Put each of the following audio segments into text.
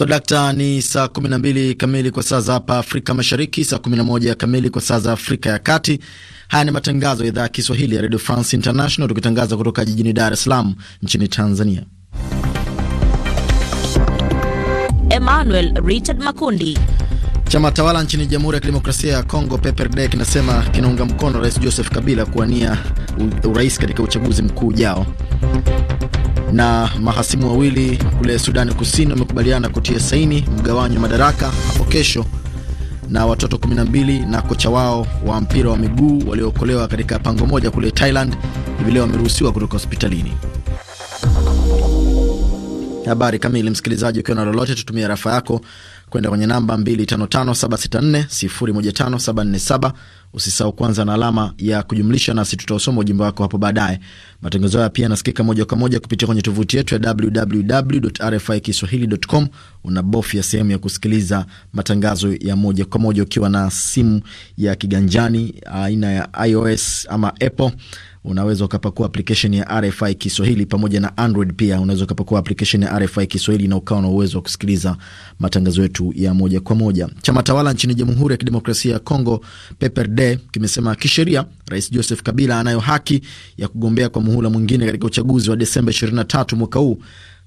So, dakta ni saa 12 kamili kwa saa za hapa Afrika Mashariki, saa 11 kamili kwa saa za Afrika ya Kati. Haya ni matangazo ya idhaa ya Kiswahili ya Radio France International, tukitangaza kutoka jijini Dar es Salaam nchini Tanzania. Emmanuel Richard Makundi Chama tawala nchini Jamhuri ya Kidemokrasia ya Kongo PPRD kinasema kinaunga mkono Rais Joseph Kabila kuwania urais katika uchaguzi mkuu ujao. Na mahasimu wawili kule Sudani Kusini wamekubaliana kutia saini mgawanyo wa madaraka hapo kesho. Na watoto 12 na kocha wao wa mpira wa miguu waliookolewa katika pango moja kule Thailand hivi leo wameruhusiwa kutoka hospitalini. Habari kamili, msikilizaji, ukiwa na lolote tutumia rafa yako kwenda kwenye namba 255764015747. Usisahau kwanza na alama ya kujumlisha, nasi tutausoma ujumbe wako hapo baadaye. Matangazo haya pia yanasikika moja kwa moja kupitia kwenye tovuti yetu ya www.rfikiswahili.com. Una ya sehemu ya kusikiliza matangazo ya moja kwa moja ukiwa na simu ya kiganjani aina ya iOS ama Apple unaweza ukapakua application ya RFI Kiswahili pamoja na Android. Pia unaweza ukapakua application ya RFI Kiswahili na ukawa na uwezo wa kusikiliza matangazo yetu ya moja kwa moja. Chama tawala nchini Jamhuri ya Kidemokrasia ya Kongo, PPRD, kimesema kisheria Rais Joseph Kabila anayo haki ya kugombea kwa muhula mwingine katika uchaguzi wa Desemba 23 mwaka huu.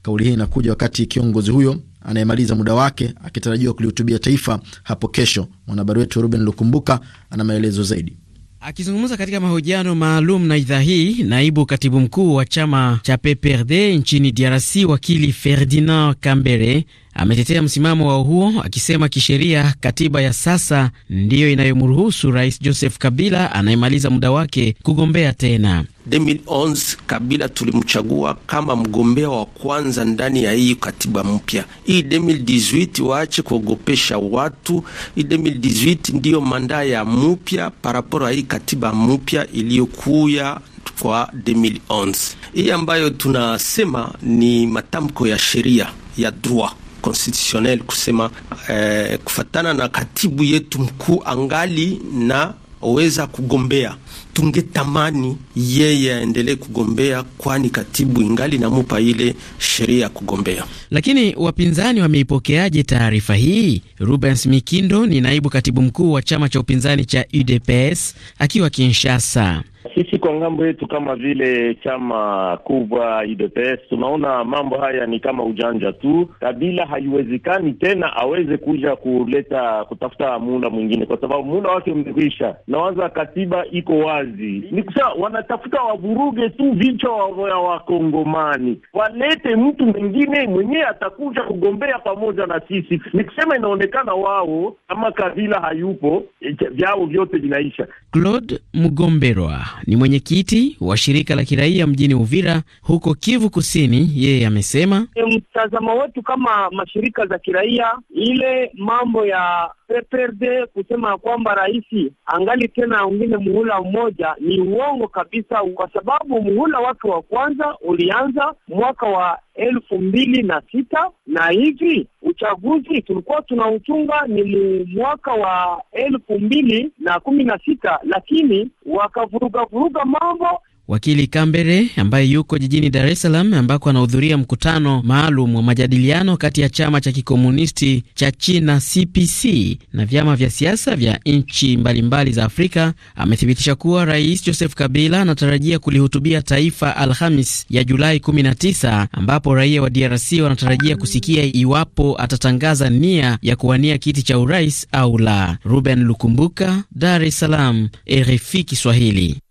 Kauli hii inakuja wakati kiongozi huyo anayemaliza muda wake akitarajiwa kulihutubia taifa hapo kesho. Mwanahabari wetu Ruben Lukumbuka ana maelezo zaidi. Akizungumza katika mahojiano maalum na idhaa hii, naibu katibu mkuu wa chama cha PPRD nchini DRC wakili Ferdinand Kambere ametetea msimamo wao huo akisema kisheria katiba ya sasa ndiyo inayomruhusu Rais Joseph Kabila anayemaliza muda wake kugombea tena. 2011 Kabila tulimchagua kama mgombea wa kwanza ndani ya hii katiba mpya. Hii 2018 waache kuogopesha watu. Hii 2018 ndiyo mandaa ya mupya paraporo ya hii katiba mpya iliyokuya kwa 2011. Hii ambayo tunasema ni matamko ya sheria ya droit constitutionnel kusema eh, kufatana na katibu yetu mkuu angali na weza kugombea. Tungetamani yeye aendelee kugombea, kwani katibu ingali namupa ile sheria ya kugombea. Lakini wapinzani wameipokeaje taarifa hii? Rubens Mikindo ni naibu katibu mkuu wa chama cha upinzani cha UDPS akiwa Kinshasa sisi kwa ngambo yetu kama vile chama kubwa UDPS tunaona mambo haya ni kama ujanja tu. Kabila haiwezekani tena aweze kuja kuleta kutafuta muda mwingine, kwa sababu muda wake umekwisha. Nawaza katiba iko wazi, ni kusema wanatafuta wavuruge tu vichwa wa Wakongomani, walete mtu mwingine mwenyewe atakuja kugombea pamoja na sisi. Ni kusema inaonekana wao kama kabila hayupo, e, vyao vyote vinaisha. Claude Mugomberwa ni mwenyekiti wa shirika la kiraia mjini Uvira huko Kivu Kusini. Yeye amesema mtazamo wetu kama mashirika za kiraia, ile mambo ya CPRD kusema kwamba rais angali tena wengine muhula mmoja ni uongo kabisa, kwa sababu muhula wake wa kwanza ulianza mwaka wa elfu mbili na sita na hivi uchaguzi tulikuwa tunauchunga ni mwaka wa elfu mbili na kumi na sita lakini wakavuruga vuruga mambo Wakili Kambere ambaye yuko jijini Dar es Salaam ambako anahudhuria mkutano maalum wa majadiliano kati ya chama cha kikomunisti cha China CPC na vyama vya siasa vya nchi mbalimbali za Afrika amethibitisha kuwa Rais Joseph Kabila anatarajia kulihutubia taifa Alhamis ya Julai 19 ambapo raia wa DRC wanatarajia kusikia iwapo atatangaza nia ya kuwania kiti cha urais au la. Ruben Lukumbuka, Dar es Salaam, RFI Kiswahili.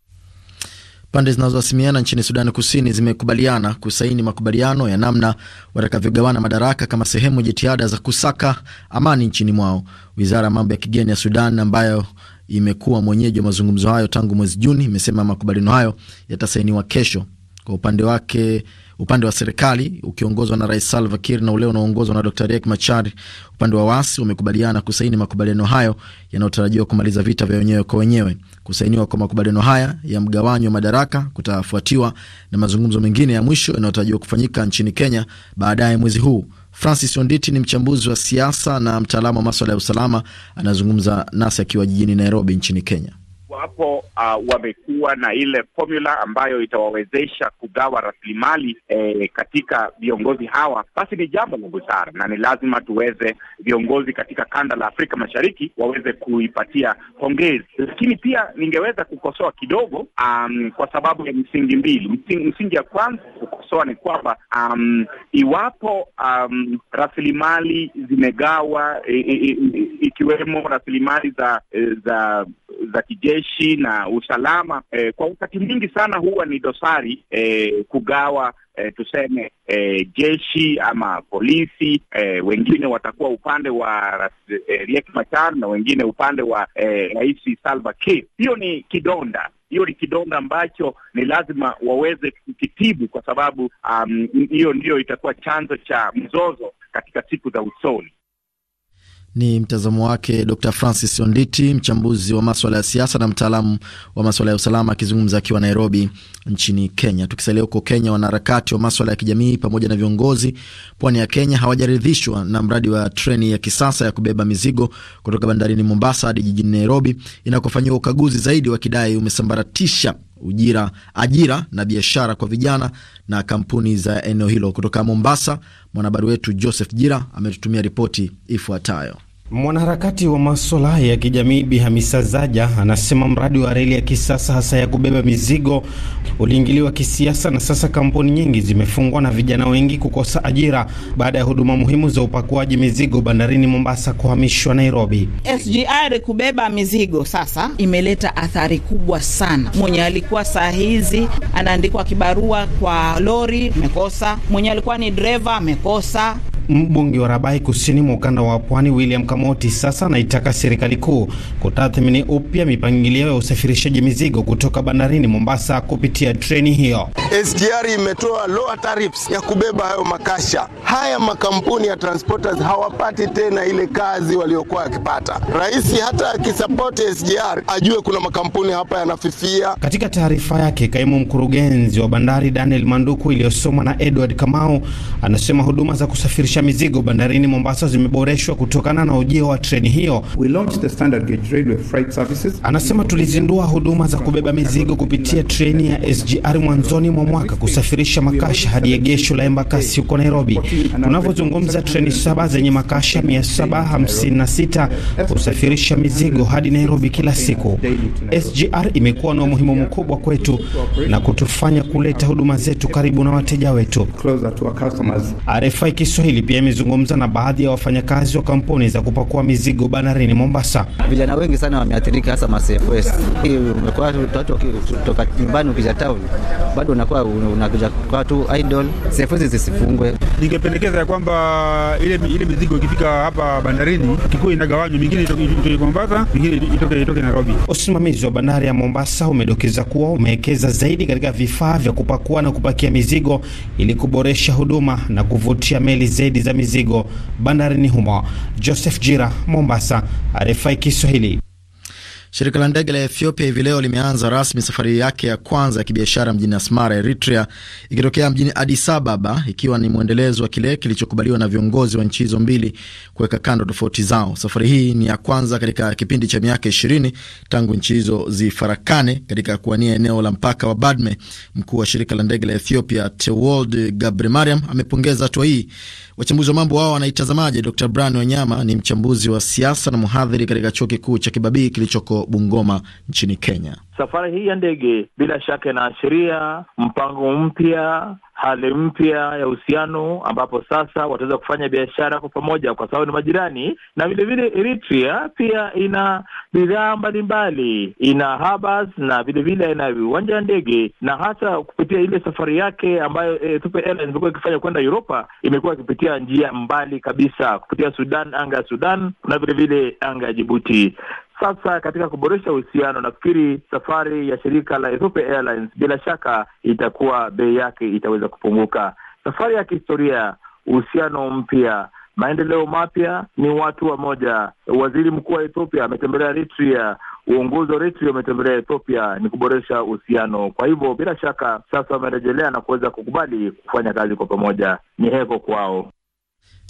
Pande zinazohasimiana nchini Sudani Kusini zimekubaliana kusaini makubaliano ya namna watakavyogawana madaraka kama sehemu ya jitihada za kusaka amani nchini mwao. Wizara ya mambo ya kigeni ya Sudan ambayo imekuwa mwenyeji wa mazungumzo hayo tangu mwezi Juni imesema makubaliano hayo yatasainiwa kesho. Kwa upande wake upande wa serikali ukiongozwa na Rais Salva Kiir na ule unaoongozwa na Dr Riek Machar upande wa waasi wamekubaliana kusaini makubaliano hayo yanayotarajiwa kumaliza vita vya wenyewe kwa wenyewe. Kusainiwa kwa makubaliano haya ya mgawanyo wa madaraka kutafuatiwa na mazungumzo mengine ya mwisho yanayotarajiwa kufanyika nchini Kenya baadaye mwezi huu. Francis Onditi ni mchambuzi wa siasa na mtaalamu wa maswala ya usalama, anazungumza nasi akiwa jijini Nairobi nchini Kenya wapo uh, wamekuwa na ile formula ambayo itawawezesha kugawa rasilimali eh, katika viongozi hawa, basi ni jambo la busara na ni lazima tuweze viongozi katika kanda la Afrika Mashariki waweze kuipatia pongezi, lakini pia ningeweza kukosoa kidogo um, kwa sababu ya msingi mbili. Msingi, msingi ya kwanza kukosoa ni kwamba um, iwapo um, rasilimali zimegawa ikiwemo rasilimali za eh, za za kijeshi jeshi na usalama eh, kwa wakati mwingi sana huwa ni dosari eh, kugawa eh, tuseme eh, jeshi ama polisi eh, wengine watakuwa upande wa eh, Riek Machar na wengine upande wa eh, Rais eh, Salva Kiir. Hiyo ni kidonda hiyo ni kidonda ambacho ni lazima waweze kukitibu kwa sababu um, hiyo um, ndiyo itakuwa chanzo cha mzozo katika siku za usoni. Ni mtazamo wake Dr Francis Onditi, mchambuzi wa maswala ya siasa na mtaalamu wa maswala ya usalama, akizungumza akiwa Nairobi nchini Kenya. Tukisalia huko Kenya, wanaharakati wa maswala ya kijamii pamoja na viongozi pwani ya Kenya hawajaridhishwa na mradi wa treni ya kisasa ya kubeba mizigo kutoka bandarini Mombasa hadi jijini Nairobi inakofanyiwa ukaguzi zaidi, wakidai umesambaratisha ujira, ajira na biashara kwa vijana na kampuni za eneo hilo. Kutoka Mombasa, mwanahabari wetu Joseph Jira ametutumia ripoti ifuatayo. Mwanaharakati wa maswala ya kijamii Bi Hamisa Zaja anasema mradi wa reli ya kisasa hasa ya kubeba mizigo uliingiliwa kisiasa, na sasa kampuni nyingi zimefungwa na vijana wengi kukosa ajira baada ya huduma muhimu za upakuaji mizigo bandarini Mombasa kuhamishwa Nairobi. SGR kubeba mizigo sasa imeleta athari kubwa sana. Mwenye alikuwa saa hizi anaandikwa kibarua kwa lori amekosa, mwenye alikuwa ni dereva amekosa Mbunge wa Rabai kusini mwa ukanda wa Pwani William Kamoti sasa anaitaka serikali kuu kutathmini upya mipangilio ya usafirishaji mizigo kutoka bandarini Mombasa kupitia treni hiyo. SGR imetoa lower tariffs ya kubeba hayo makasha. Haya makampuni ya transporters hawapati tena ile kazi waliokuwa wakipata. Rais hata akisapoti SGR ajue kuna makampuni hapa yanafifia. Katika taarifa yake, kaimu mkurugenzi wa bandari Daniel Manduku iliyosomwa na Edward Kamau anasema huduma za kusafirisha kusafirisha mizigo bandarini Mombasa zimeboreshwa kutokana na ujio wa treni hiyo. We launched the standard gauge railway freight services. Anasema tulizindua huduma za kubeba mizigo kupitia treni ya SGR mwanzoni mwa mwaka kusafirisha makasha hadi egesho la Embakasi huko Nairobi. Tunavyozungumza, treni saba zenye makasha 756 kusafirisha mizigo hadi Nairobi kila siku. SGR imekuwa na umuhimu mkubwa kwetu na kutufanya kuleta huduma zetu karibu na wateja wetu. RFI Kiswahili lakini pia imezungumza na baadhi ya wafanyakazi wa kampuni za kupakua mizigo bandarini Mombasa. Vijana wengi sana wameathirika, hasa Hii Umekuwa watu kutoka nyumbani, ukija town bado unakuwa unakuja kwa watu idol, sefes zisifungwe. Ningependekeza ya kwamba ile ile mizigo ikifika hapa bandarini kikuu inagawanywa, mingine itoke Mombasa, mingine itoke itoke Nairobi. Usimamizi wa bandari ya Mombasa umedokeza kuwa umewekeza zaidi katika vifaa vya kupakua na kupakia mizigo ili kuboresha huduma na kuvutia meli zaidi zaidi za mizigo bandarini humo. Joseph Jira, Mombasa, RFI Kiswahili. Shirika la ndege la Ethiopia hivi leo limeanza rasmi safari yake ya kwanza ya kibiashara mjini Asmara, Eritrea, ikitokea mjini Addis Ababa, ikiwa ni mwendelezo wa kile kilichokubaliwa na viongozi wa nchi hizo mbili kuweka kando tofauti zao. Safari hii ni ya kwanza katika kipindi cha miaka ishirini tangu nchi hizo zifarakane katika kuwania eneo la mpaka wa Badme. Mkuu wa shirika la ndege la Ethiopia Tewold Gabremariam amepongeza hatua hii. Wachambuzi wa mambo wao wanaitazamaje? Dr Brian Wanyama ni mchambuzi wa siasa na mhadhiri katika chuo kikuu cha Kibabii kilichoko Bungoma nchini Kenya. Safari hii ya ndege bila shaka inaashiria mpango mpya, hali mpya ya uhusiano, ambapo sasa wataweza kufanya biashara kwa pamoja, kwa sababu ni majirani. Na vilevile Eritrea pia ina bidhaa mbalimbali, ina habas na vilevile ina viwanja ya ndege, na hata kupitia ile safari yake ambayo Ethiopia eh, Airlines imekuwa ikifanya kwenda Uropa, imekuwa ikipitia njia mbali kabisa, kupitia Sudan, anga ya Sudan na vilevile anga ya Jibuti. Sasa katika kuboresha uhusiano, nafikiri safari ya shirika la Ethiopia Airlines bila shaka itakuwa bei yake itaweza kupunguka. Safari ya kihistoria, uhusiano mpya maendeleo mapya ni watu wa moja. Waziri mkuu wa Ethiopia ametembelea Eritrea, uongozi wa Eritrea umetembelea Ethiopia, ni kuboresha uhusiano. Kwa hivyo bila shaka sasa wamerejelea na kuweza kukubali kufanya kazi kwa pamoja, ni heko kwao.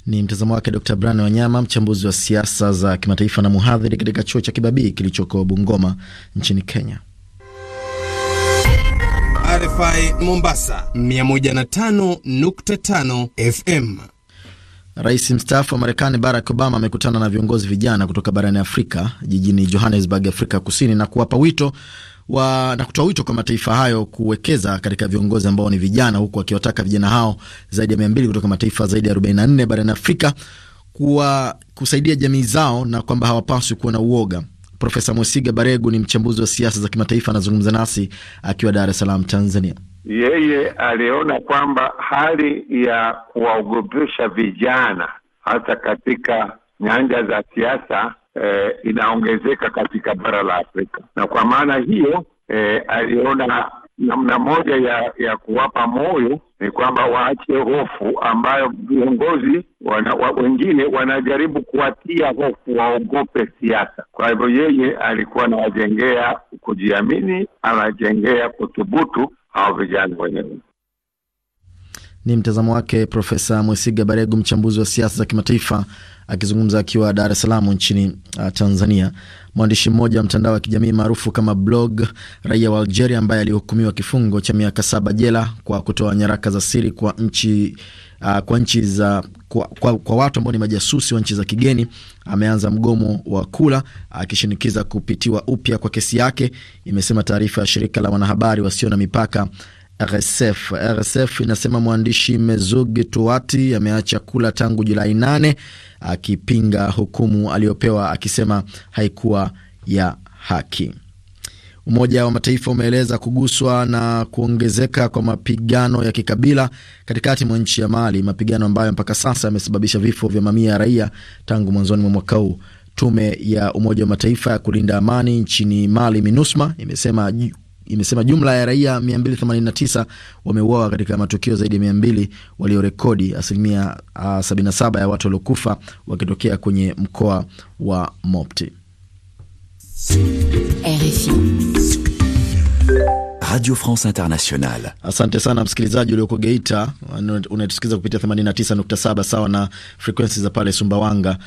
Ni mtazamo wake Dr Brian Wanyama, mchambuzi wa siasa za kimataifa na mhadhiri katika chuo cha Kibabii kilichoko Bungoma nchini Kenya. RFI Mombasa 105.5 FM. Rais mstaafu wa Marekani Barack Obama amekutana na viongozi vijana kutoka barani Afrika jijini Johannesburg, Afrika Kusini, na kuwapa wito wa, na kutoa wito kwa mataifa hayo kuwekeza katika viongozi ambao ni vijana, huku wakiwataka vijana hao zaidi ya mia mbili kutoka mataifa zaidi ya 44 barani Afrika kuwa kusaidia jamii zao na kwamba hawapaswi kuwa na uoga. Profesa Mwesiga Baregu ni mchambuzi wa siasa za kimataifa, anazungumza nasi akiwa Dar es Salaam, Tanzania. Yeye aliona kwamba hali ya kuwaogopesha vijana hasa katika nyanja za siasa eh, inaongezeka katika bara la Afrika, na kwa maana hiyo eh, aliona namna moja ya ya kuwapa moyo ni kwamba waache hofu ambayo viongozi wana, wa, wengine wanajaribu kuwatia hofu waogope siasa. Kwa hivyo yeye alikuwa anawajengea kujiamini, anajengea kuthubutu hawa vijana wenyewe. Ni mtazamo wake Profesa Mwesiga Baregu, mchambuzi wa siasa za kimataifa, akizungumza akiwa Dar es Salaam nchini uh, Tanzania. Mwandishi mmoja wa mtandao wa kijamii maarufu kama blog, raia wa Algeria ambaye alihukumiwa kifungo cha miaka saba jela kwa kutoa nyaraka za siri kwa nchi uh, kwa nchi za kwa, kwa, kwa watu ambao ni majasusi wa nchi za kigeni ameanza mgomo wa kula akishinikiza kupitiwa upya kwa kesi yake, imesema taarifa ya shirika la wanahabari wasio na mipaka RSF. RSF inasema mwandishi Mezugi Tuati ameacha kula tangu Julai nane akipinga hukumu aliyopewa akisema haikuwa ya haki. Umoja wa Mataifa umeeleza kuguswa na kuongezeka kwa mapigano ya kikabila katikati mwa nchi ya Mali, mapigano ambayo mpaka sasa yamesababisha vifo vya mamia ya raia tangu mwanzoni mwa mwaka huu. Tume ya Umoja wa Mataifa ya kulinda amani nchini Mali, MINUSMA, imesema imesema jumla ya raia 289 wameuawa katika matukio zaidi ya 200 waliorekodi, asilimia 77 ah, ya watu waliokufa wakitokea kwenye mkoa wa Mopti. RFI Radio France Internationale. Asante sana msikilizaji ulioko Geita, unatusikiliza kupitia 89.7 sawa na frekwensi za pale Sumbawanga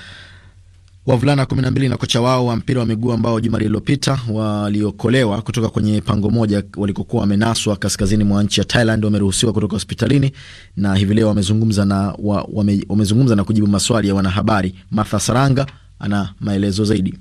Wavulana 12 na kocha wao wa mpira wa miguu ambao juma lililopita waliokolewa kutoka kwenye pango moja walikokuwa wamenaswa kaskazini mwa nchi ya Thailand wameruhusiwa kutoka hospitalini na hivi leo wamezungumza na, wa, wame, wamezungumza na kujibu maswali ya wanahabari. Martha Saranga ana maelezo zaidi.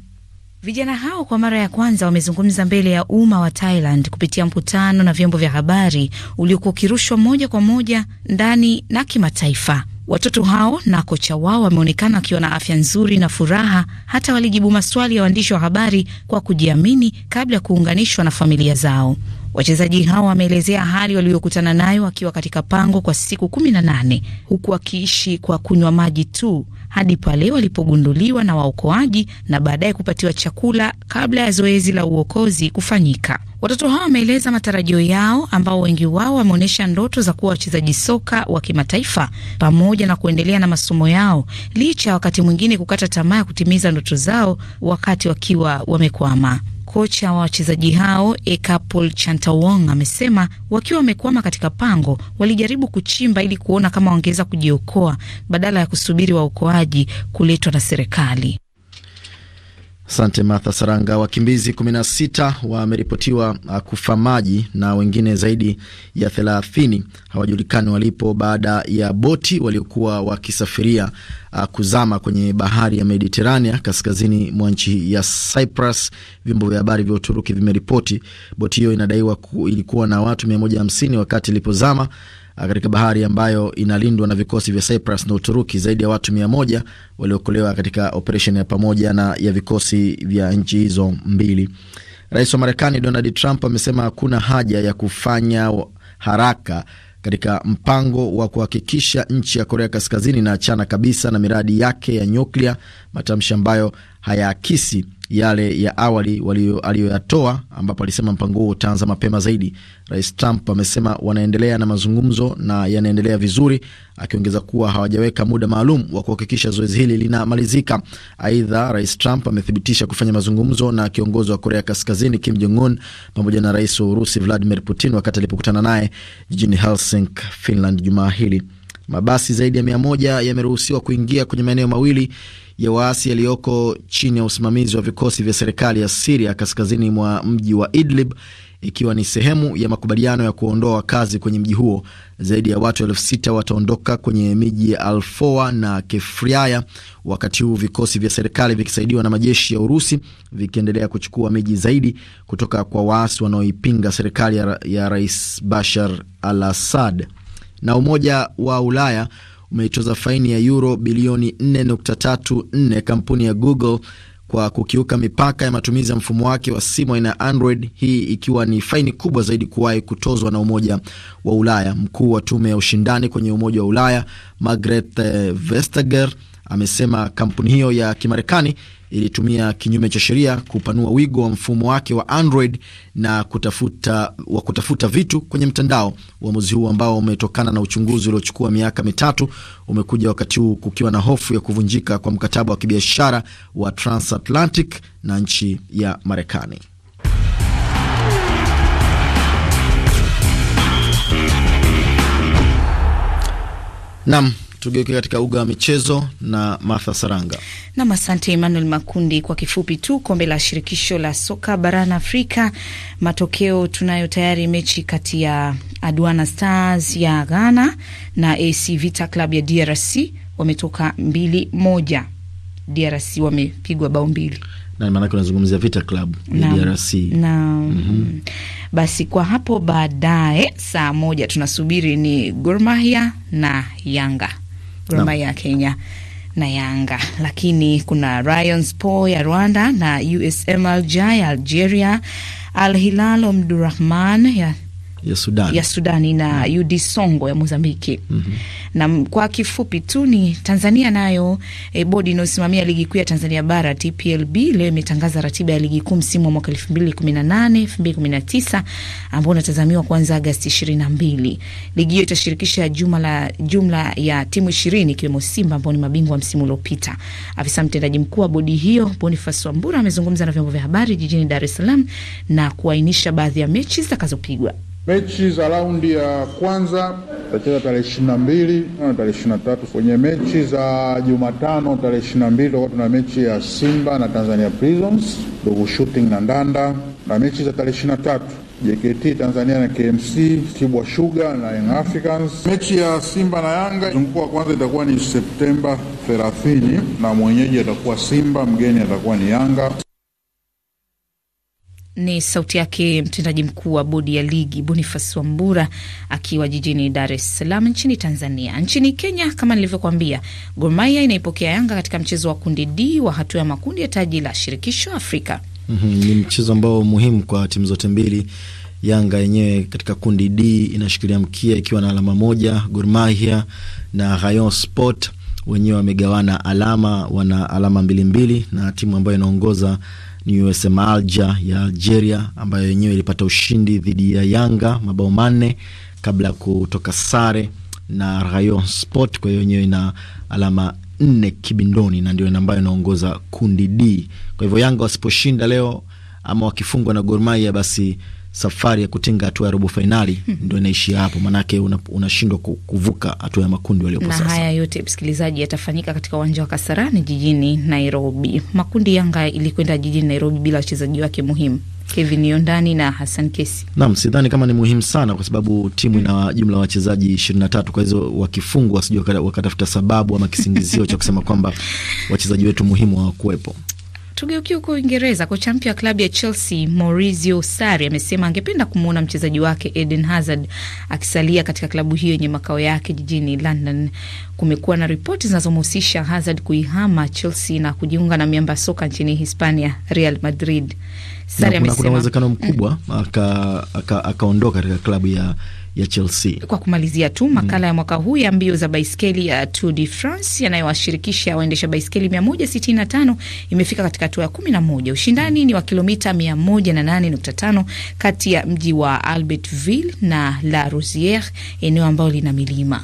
Vijana hao kwa mara ya kwanza wamezungumza mbele ya umma wa Thailand kupitia mkutano na vyombo vya habari uliokuwa ukirushwa moja kwa moja ndani na kimataifa. Watoto hao na kocha wao wameonekana wakiwa na afya nzuri na furaha, hata walijibu maswali ya waandishi wa habari kwa kujiamini kabla ya kuunganishwa na familia zao. Wachezaji hao wameelezea hali waliyokutana nayo wakiwa katika pango kwa siku kumi na nane huku wakiishi kwa kunywa maji tu, hadi pale walipogunduliwa na waokoaji na baadaye kupatiwa chakula kabla ya zoezi la uokozi kufanyika. Watoto hao wameeleza matarajio yao, ambao wengi wao wameonyesha ndoto za kuwa wachezaji soka wa kimataifa pamoja na kuendelea na masomo yao, licha ya wakati mwingine kukata tamaa ya kutimiza ndoto zao wakati wakiwa wamekwama. Kocha wa wachezaji hao Ekapol Chantawong amesema wakiwa wamekwama katika pango, walijaribu kuchimba ili kuona kama wangeweza kujiokoa badala ya kusubiri waokoaji kuletwa na serikali. Asante Martha Saranga. Wakimbizi 16 wameripotiwa uh, kufa maji na wengine zaidi ya 30 hawajulikani walipo baada ya boti waliokuwa wakisafiria uh, kuzama kwenye bahari ya Mediterania kaskazini mwa nchi ya Cyprus. Vyombo vya habari vya Uturuki vimeripoti boti hiyo inadaiwa ilikuwa na watu 150 wakati ilipozama Ah, katika bahari ambayo inalindwa na vikosi vya Cyprus na Uturuki. Zaidi ya watu mia moja waliokolewa katika operesheni ya pamoja na ya vikosi vya nchi hizo mbili. Rais wa Marekani Donald Trump amesema hakuna haja ya kufanya haraka katika mpango wa kuhakikisha nchi ya Korea Kaskazini inaachana kabisa na miradi yake ya nyuklia, matamshi ambayo hayaakisi yale ya awali aliyoyatoa, ambapo alisema mpango huo utaanza mapema zaidi. Rais Trump amesema wanaendelea na mazungumzo na yanaendelea vizuri, akiongeza kuwa hawajaweka muda maalum wa kuhakikisha zoezi hili linamalizika. Aidha, Rais Trump amethibitisha kufanya mazungumzo na kiongozi wa Korea Kaskazini Kim Jong Un pamoja na rais wa Urusi Vladimir Putin wakati alipokutana naye jijini Helsinki, Finland, jumaa hili. Mabasi zaidi ya mia moja yameruhusiwa kuingia kwenye maeneo mawili ya waasi yaliyoko chini ya usimamizi wa vikosi vya serikali ya Siria kaskazini mwa mji wa Idlib, ikiwa ni sehemu ya makubaliano ya kuondoa wakazi kwenye mji huo. Zaidi ya watu elfu sita wataondoka kwenye miji ya Alfoa na Kefriaya, wakati huu vikosi vya serikali vikisaidiwa na majeshi ya Urusi vikiendelea kuchukua miji zaidi kutoka kwa waasi wanaoipinga serikali ya, ya Rais Bashar al Assad. Na Umoja wa Ulaya umeitoza faini ya euro bilioni 4.34 kampuni ya Google kwa kukiuka mipaka ya matumizi ya mfumo wake wa simu aina ya Android, hii ikiwa ni faini kubwa zaidi kuwahi kutozwa na Umoja wa Ulaya. Mkuu wa tume ya ushindani kwenye Umoja wa Ulaya Margrethe Vestager amesema kampuni hiyo ya Kimarekani ilitumia kinyume cha sheria kupanua wigo wa mfumo wake wa Android na kutafuta, wa kutafuta vitu kwenye mtandao. Uamuzi huu ambao umetokana na uchunguzi uliochukua miaka mitatu umekuja wakati huu kukiwa na hofu ya kuvunjika kwa mkataba wa kibiashara wa transatlantic na nchi ya Marekani. Nam Tugeuke katika uga wa michezo na Martha Saranga. Nam, asante Emmanuel Makundi. Kwa kifupi tu, kombe la shirikisho la soka barani Afrika, matokeo tunayo tayari, mechi kati ya Aduana Stars ya Ghana na AC Vita Club ya DRC wametoka mbili moja. DRC wamepigwa bao mbili na maanake unazungumzia Vita Club ya DRC na mm -hmm. Basi kwa hapo baadaye, saa moja tunasubiri ni Gor Mahia na Yanga. Gor Mahia ya Kenya na Yanga, lakini kuna Rayon Sport ya Rwanda na USM Alger ya Algeria, Al Hilal Omdurahman ya ya Sudani, ya Sudani na mm-hmm. UD Songo ya Mozambiki. mm -hmm. Na kwa kifupi tu ni Tanzania nayo, e, bodi inayosimamia ligi kuu ya Tanzania bara TPLB leo imetangaza ratiba ya ligi kuu msimu wa mwaka 2018 2019 ambao unatazamiwa kuanza Agosti 22. Ligi hiyo itashirikisha jumla jumla ya timu 20 ikiwemo Simba ambao ni mabingwa wa msimu uliopita. Afisa mtendaji mkuu wa bodi hiyo Boniface Wambura amezungumza na vyombo vya habari jijini Dar es Salaam na kuainisha baadhi ya mechi zitakazopigwa. Mechi za raundi ya kwanza tutacheza tarehe ishirini na mbili na tarehe ishirini na tatu Kwenye mechi za Jumatano tarehe ishirini na mbili tutakuwa tuna mechi ya Simba na Tanzania Prisons, Dogo Shooting na Ndanda, na mechi za tarehe ishirini na tatu JKT Tanzania na KMC, Kibwa Sugar na Young Africans. Mechi ya Simba na Yanga mzunguko wa kwanza itakuwa ni Septemba 30 na mwenyeji atakuwa Simba, mgeni atakuwa ni Yanga. Ni sauti yake mtendaji mkuu wa bodi ya ligi Bonifas Wambura akiwa jijini Dar es Salaam nchini Tanzania. Nchini Kenya, kama nilivyokuambia, Gor Mahia inaipokea Yanga katika mchezo wa kundi D wa hatua ya makundi ya taji la shirikisho Afrika. Mm -hmm. Ni mchezo ambao muhimu kwa timu zote mbili. Yanga yenyewe katika kundi D inashikilia mkia ikiwa na alama moja. Gor Mahia na Rayon Sport wenyewe wamegawana alama, wana alama mbili mbili, na timu ambayo inaongoza ni USM Alger ya Algeria ambayo yenyewe ilipata ushindi dhidi ya Yanga mabao manne kabla ya kutoka sare na Rayon Sport. Kwa hiyo yenyewe ina alama nne kibindoni na ndio ambayo inaongoza kundi D. Kwa hivyo Yanga wasiposhinda leo ama wakifungwa na Gor Mahia basi safari ya kutinga hatua ya robo fainali hmm, ndo inaishia hapo, maanake unashindwa una kuvuka hatua ya makundi waliopo sasa. Na haya yote msikilizaji, yatafanyika katika uwanja wa Kasarani jijini Nairobi. Makundi Yanga ilikwenda jijini Nairobi bila wachezaji wake muhimu Kevin Yondani na Hassan Kesi. Naam, sidhani kama ni muhimu sana kwa sababu timu ina jumla ya wachezaji 23 kwa hizo wakifungwa sijui wakatafuta sababu ama kisingizio cha kusema kwamba wachezaji wetu muhimu hawakuwepo. Tugeukie huko Uingereza. Kocha mpya wa klabu ya Chelsea Maurizio Sarri amesema angependa kumwona mchezaji wake Eden Hazard akisalia katika klabu hiyo yenye makao yake jijini London. Kumekuwa na ripoti zinazomhusisha Hazard kuihama Chelsea na kujiunga na miamba soka nchini Hispania, Real Madrid. Sarri amesema kuna uwezekano mkubwa akaondoka aka katika klabu ya ya Chelsea. Kwa kumalizia tu mm. makala mm. ya mwaka huu ya mbio za baiskeli ya Tour de France yanayowashirikisha waendesha baiskeli 165 imefika katika hatua ya 11. Ushindani ni wa kilomita 108.5 kati ya mji wa Albertville na La Rosiere, eneo ambalo lina milima.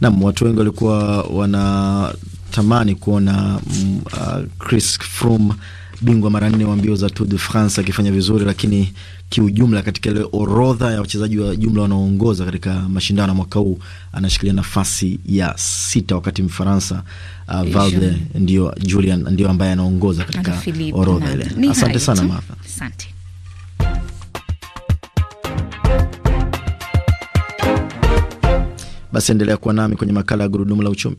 nam watu wengi walikuwa wanatamani kuona mm, uh, Chris Froome bingwa mara nne wa mbio za Tour de France akifanya vizuri, lakini kiujumla katika ile orodha ya wachezaji wa jumla wanaoongoza katika mashindano mwaka huu, anashikilia nafasi ya sita, wakati Mfaransa uh, Valde ndio Julian ndio ambaye anaongoza katika orodha ile. Asante sana Martha. Asante. Basi endelea kuwa nami kwenye makala ya gurudumu la uchumi.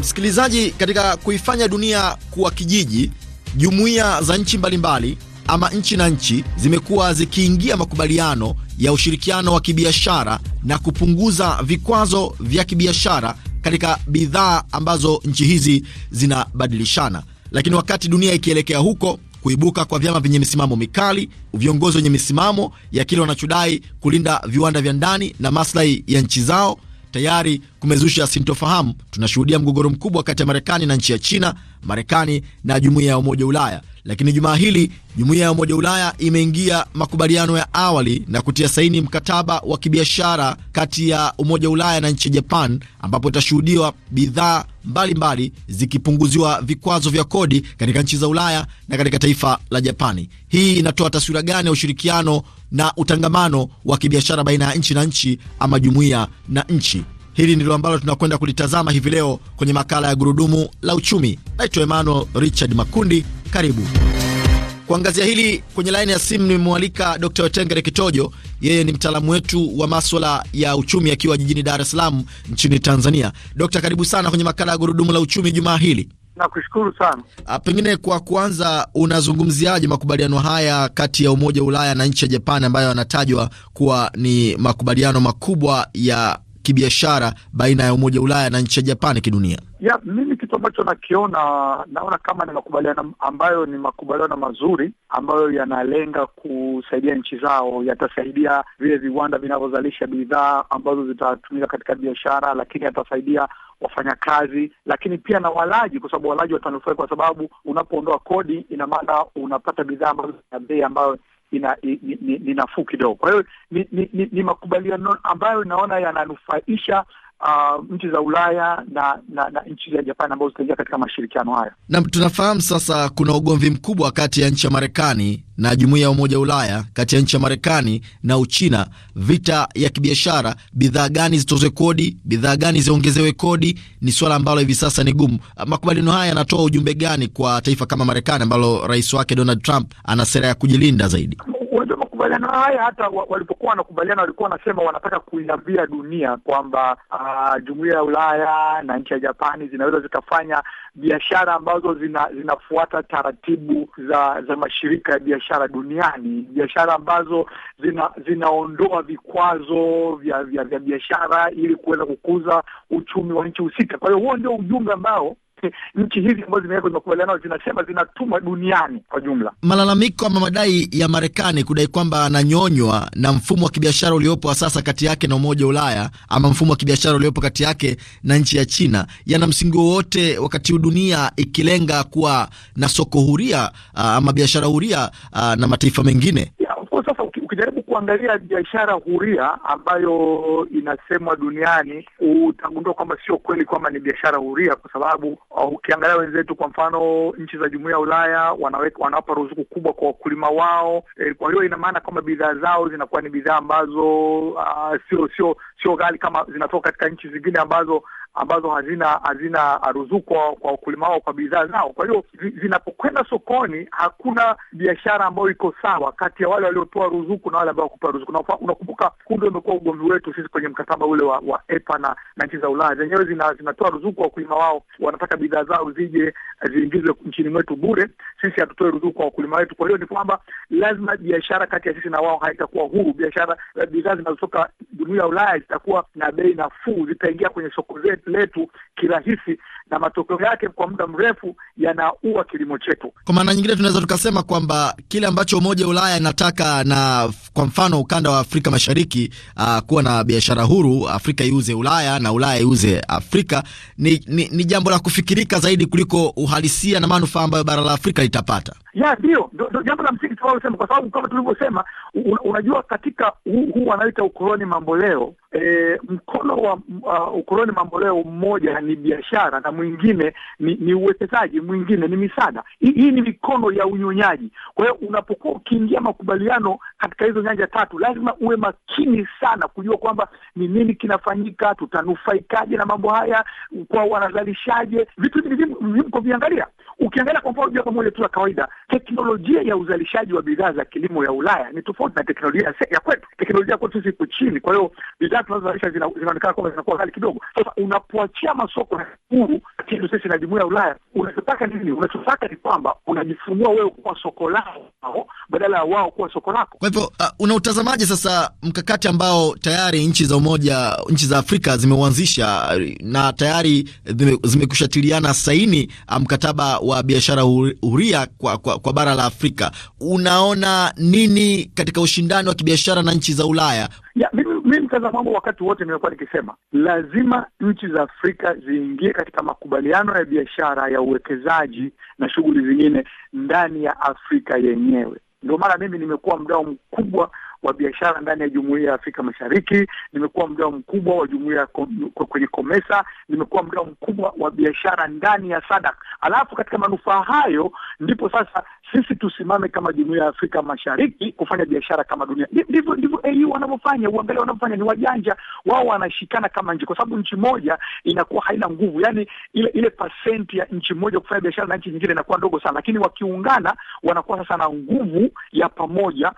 Msikilizaji, katika kuifanya dunia kuwa kijiji jumuiya za nchi mbalimbali ama nchi na nchi zimekuwa zikiingia makubaliano ya ushirikiano wa kibiashara na kupunguza vikwazo vya kibiashara katika bidhaa ambazo nchi hizi zinabadilishana. Lakini wakati dunia ikielekea huko, kuibuka kwa vyama vyenye misimamo mikali, viongozi wenye misimamo ya kile wanachodai kulinda viwanda vya ndani na maslahi ya nchi zao tayari kumezusha sintofahamu. Tunashuhudia mgogoro mkubwa kati ya Marekani na nchi ya China, Marekani na jumuiya ya Umoja wa Ulaya lakini jumaa hili jumuiya ya Umoja Ulaya imeingia makubaliano ya awali na kutia saini mkataba wa kibiashara kati ya Umoja Ulaya na nchi Japan, ambapo itashuhudiwa bidhaa mbalimbali zikipunguziwa vikwazo vya kodi katika nchi za Ulaya na katika taifa la Japani. Hii inatoa taswira gani ya ushirikiano na utangamano wa kibiashara baina ya nchi na nchi ama jumuiya na nchi? Hili ndilo ambalo tunakwenda kulitazama hivi leo kwenye makala ya gurudumu la uchumi. Naitwa Emmanuel Richard Makundi, karibu kuangazia hili. Kwenye laini ya simu nimemwalika Dr Wetengere Kitojo, yeye ni mtaalamu wetu wa maswala ya uchumi akiwa jijini Dar es Salaam nchini Tanzania. Dokta, karibu sana kwenye makala ya gurudumu la uchumi jumaa hili. Nakushukuru sana. A, ah, pengine kwa kuanza, unazungumziaje makubaliano haya kati ya Umoja wa Ulaya na nchi ya Japani ambayo yanatajwa kuwa ni makubaliano makubwa ya kibiashara baina ya Umoja wa Ulaya na nchi ya Japani kidunia? Ya, mimi kitu ambacho nakiona naona kama ni makubaliano ambayo ni makubaliano mazuri ambayo yanalenga kusaidia nchi zao, yatasaidia vile viwanda vinavyozalisha bidhaa ambazo zitatumika katika biashara, lakini yatasaidia wafanyakazi, lakini pia na walaji, kwa sababu walaji watanufaika, kwa sababu unapoondoa kodi, ina maana unapata bidhaa ambazo zina bei ambayo ina, ni, ni, ni nafuu kidogo. Kwa hiyo ni, ni, ni, ni makubaliano ambayo inaona yananufaisha uh, nchi za Ulaya na, na, na nchi za Japani ambazo zitaingia katika mashirikiano haya. Naam, tunafahamu sasa kuna ugomvi mkubwa kati ya nchi ya Marekani na jumuiya ya Umoja wa Ulaya, kati ya nchi ya Marekani na Uchina, vita ya kibiashara, bidhaa gani zitozwe kodi, bidhaa gani ziongezewe kodi, ni swala ambalo hivi sasa ni gumu. Ah, makubaliano haya yanatoa ujumbe gani kwa taifa kama Marekani ambalo rais wake Donald Trump ana sera ya kujilinda zaidi? makubaliano haya hata walipokuwa wanakubaliana walikuwa wanasema wanataka kuiambia dunia kwamba ah, jumuia ya Ulaya na nchi ya Japani zinaweza zikafanya biashara ambazo zina, zinafuata taratibu za za mashirika ya biashara duniani, biashara ambazo zina, zinaondoa vikwazo vya vya biashara ili kuweza kukuza uchumi wa nchi husika. Kwa hiyo huo ndio ujumbe ambao nchi hizi ambazo zimeweka kwenye makubaliano zinasema zinatumwa duniani kwa jumla. Malalamiko ama madai ya Marekani kudai kwamba ananyonywa na mfumo wa kibiashara uliopo wa sasa kati yake na Umoja wa Ulaya ama mfumo wa kibiashara uliopo kati yake na nchi ya China yana msingi wowote, wakati dunia ikilenga kuwa na soko huria ah, ama biashara huria ah, na mataifa mengine ukijaribu kuangalia biashara huria ambayo inasemwa duniani utagundua kwamba sio kweli kwamba ni biashara huria, kwa sababu uh, ukiangalia wenzetu, kwa mfano nchi za jumuiya ya Ulaya wanaweka wanawapa ruzuku kubwa kwa wakulima wao e, kwa hiyo ina maana kwamba bidhaa zao zinakuwa ni bidhaa ambazo uh, sio sio sio ghali kama zinatoka katika nchi zingine ambazo ambazo hazina hazina ruzuku kwa wakulima wao kwa bidhaa zao. Kwa hiyo zinapokwenda sokoni, hakuna biashara ambayo iko sawa kati ya wale waliotoa ruzuku na wale ambao wakupewa ruzuku. Na unakumbuka, huu ndio umekuwa ugomvi wetu sisi kwenye mkataba ule wa, wa EPA na, na nchi za Ulaya zenyewe zina, zinatoa ruzuku wakulima wao, wanataka bidhaa zao zije ziingizwe nchini mwetu bure, sisi hatutoe ruzuku kwa wakulima wetu. Kwa hiyo ni kwamba lazima biashara kati ya sisi na wao haitakuwa huru. Biashara, bidhaa zinazotoka jumuiya ya Ulaya zitakuwa na bei nafuu, zitaingia kwenye soko zetu letu kirahisi, na matokeo yake kwa muda mrefu yanaua kilimo chetu. Kwa maana nyingine, tunaweza tukasema kwamba kile ambacho Umoja wa Ulaya inataka na kwa mfano ukanda wa Afrika Mashariki uh, kuwa na biashara huru, Afrika iuze Ulaya na Ulaya iuze Afrika, ni, ni, ni jambo la kufikirika zaidi kuliko uhalisia na manufaa ambayo bara la Afrika litapata ya ndio jambo la msingi tunalosema, kwa sababu kama tulivyosema, unajua katika huu hu wanaita ukoloni mamboleo e, mkono wa uh, ukoloni mamboleo mmoja ni biashara na mwingine ni, ni uwekezaji, mwingine ni misaada. Hii ni mikono ya unyonyaji. Kwa hiyo unapokuwa ukiingia makubaliano katika hizo nyanja tatu, lazima uwe makini sana kujua kwamba ni nini kinafanyika, tutanufaikaje na mambo haya, kwa wanazalishaje, vitu hivi vimko viangalia. Ukiangalia kwa mfano jambo moja tu la kawaida teknolojia ya uzalishaji wa bidhaa za kilimo ya Ulaya ni tofauti na teknolojia ya kwetu. Teknolojia kwetu iko chini, kwa hiyo bidhaa tunazozalisha zinaonekana kwamba zinakuwa ghali kidogo. Sasa unapoachia masoko huru kati sisi na jumuiya ya Ulaya, unachotaka nini? Unachotaka ni kwamba unajifunua wewe kuwa soko lao badala ya wao kuwa soko lako. Kwa hivyo uh, unautazamaje sasa mkakati ambao tayari nchi za Umoja, nchi za Afrika zimeuanzisha na tayari zimekushatiliana saini ah, mkataba wa biashara huria kwa, kwa kwa bara la Afrika. Unaona nini katika ushindani wa kibiashara na nchi za Ulaya? Ya, mimi mtazamo wangu wakati wote nimekuwa nikisema lazima nchi za Afrika ziingie katika makubaliano ya biashara ya uwekezaji na shughuli zingine ndani ya Afrika yenyewe. Ndio maana mimi nimekuwa mdau mkubwa wa biashara ndani ya Jumuiya ya Afrika Mashariki, nimekuwa mdau mkubwa wa jumuiya kwenye COMESA, nimekuwa mdau mkubwa wa biashara ndani ya SADC. Alafu katika manufaa hayo ndipo sasa sisi tusimame kama Jumuiya ya Afrika Mashariki kufanya biashara kama dunia. Ndivyo ndivyo AU e wanavyofanya, uangalie wanavyofanya, ni wajanja wao, wanashikana kama nchi, kwa sababu nchi moja inakuwa haina nguvu, yani ile ile pasenti ya nchi moja kufanya biashara na nchi nyingine inakuwa ndogo sana, lakini wakiungana wanakuwa sasa na nguvu ya pamoja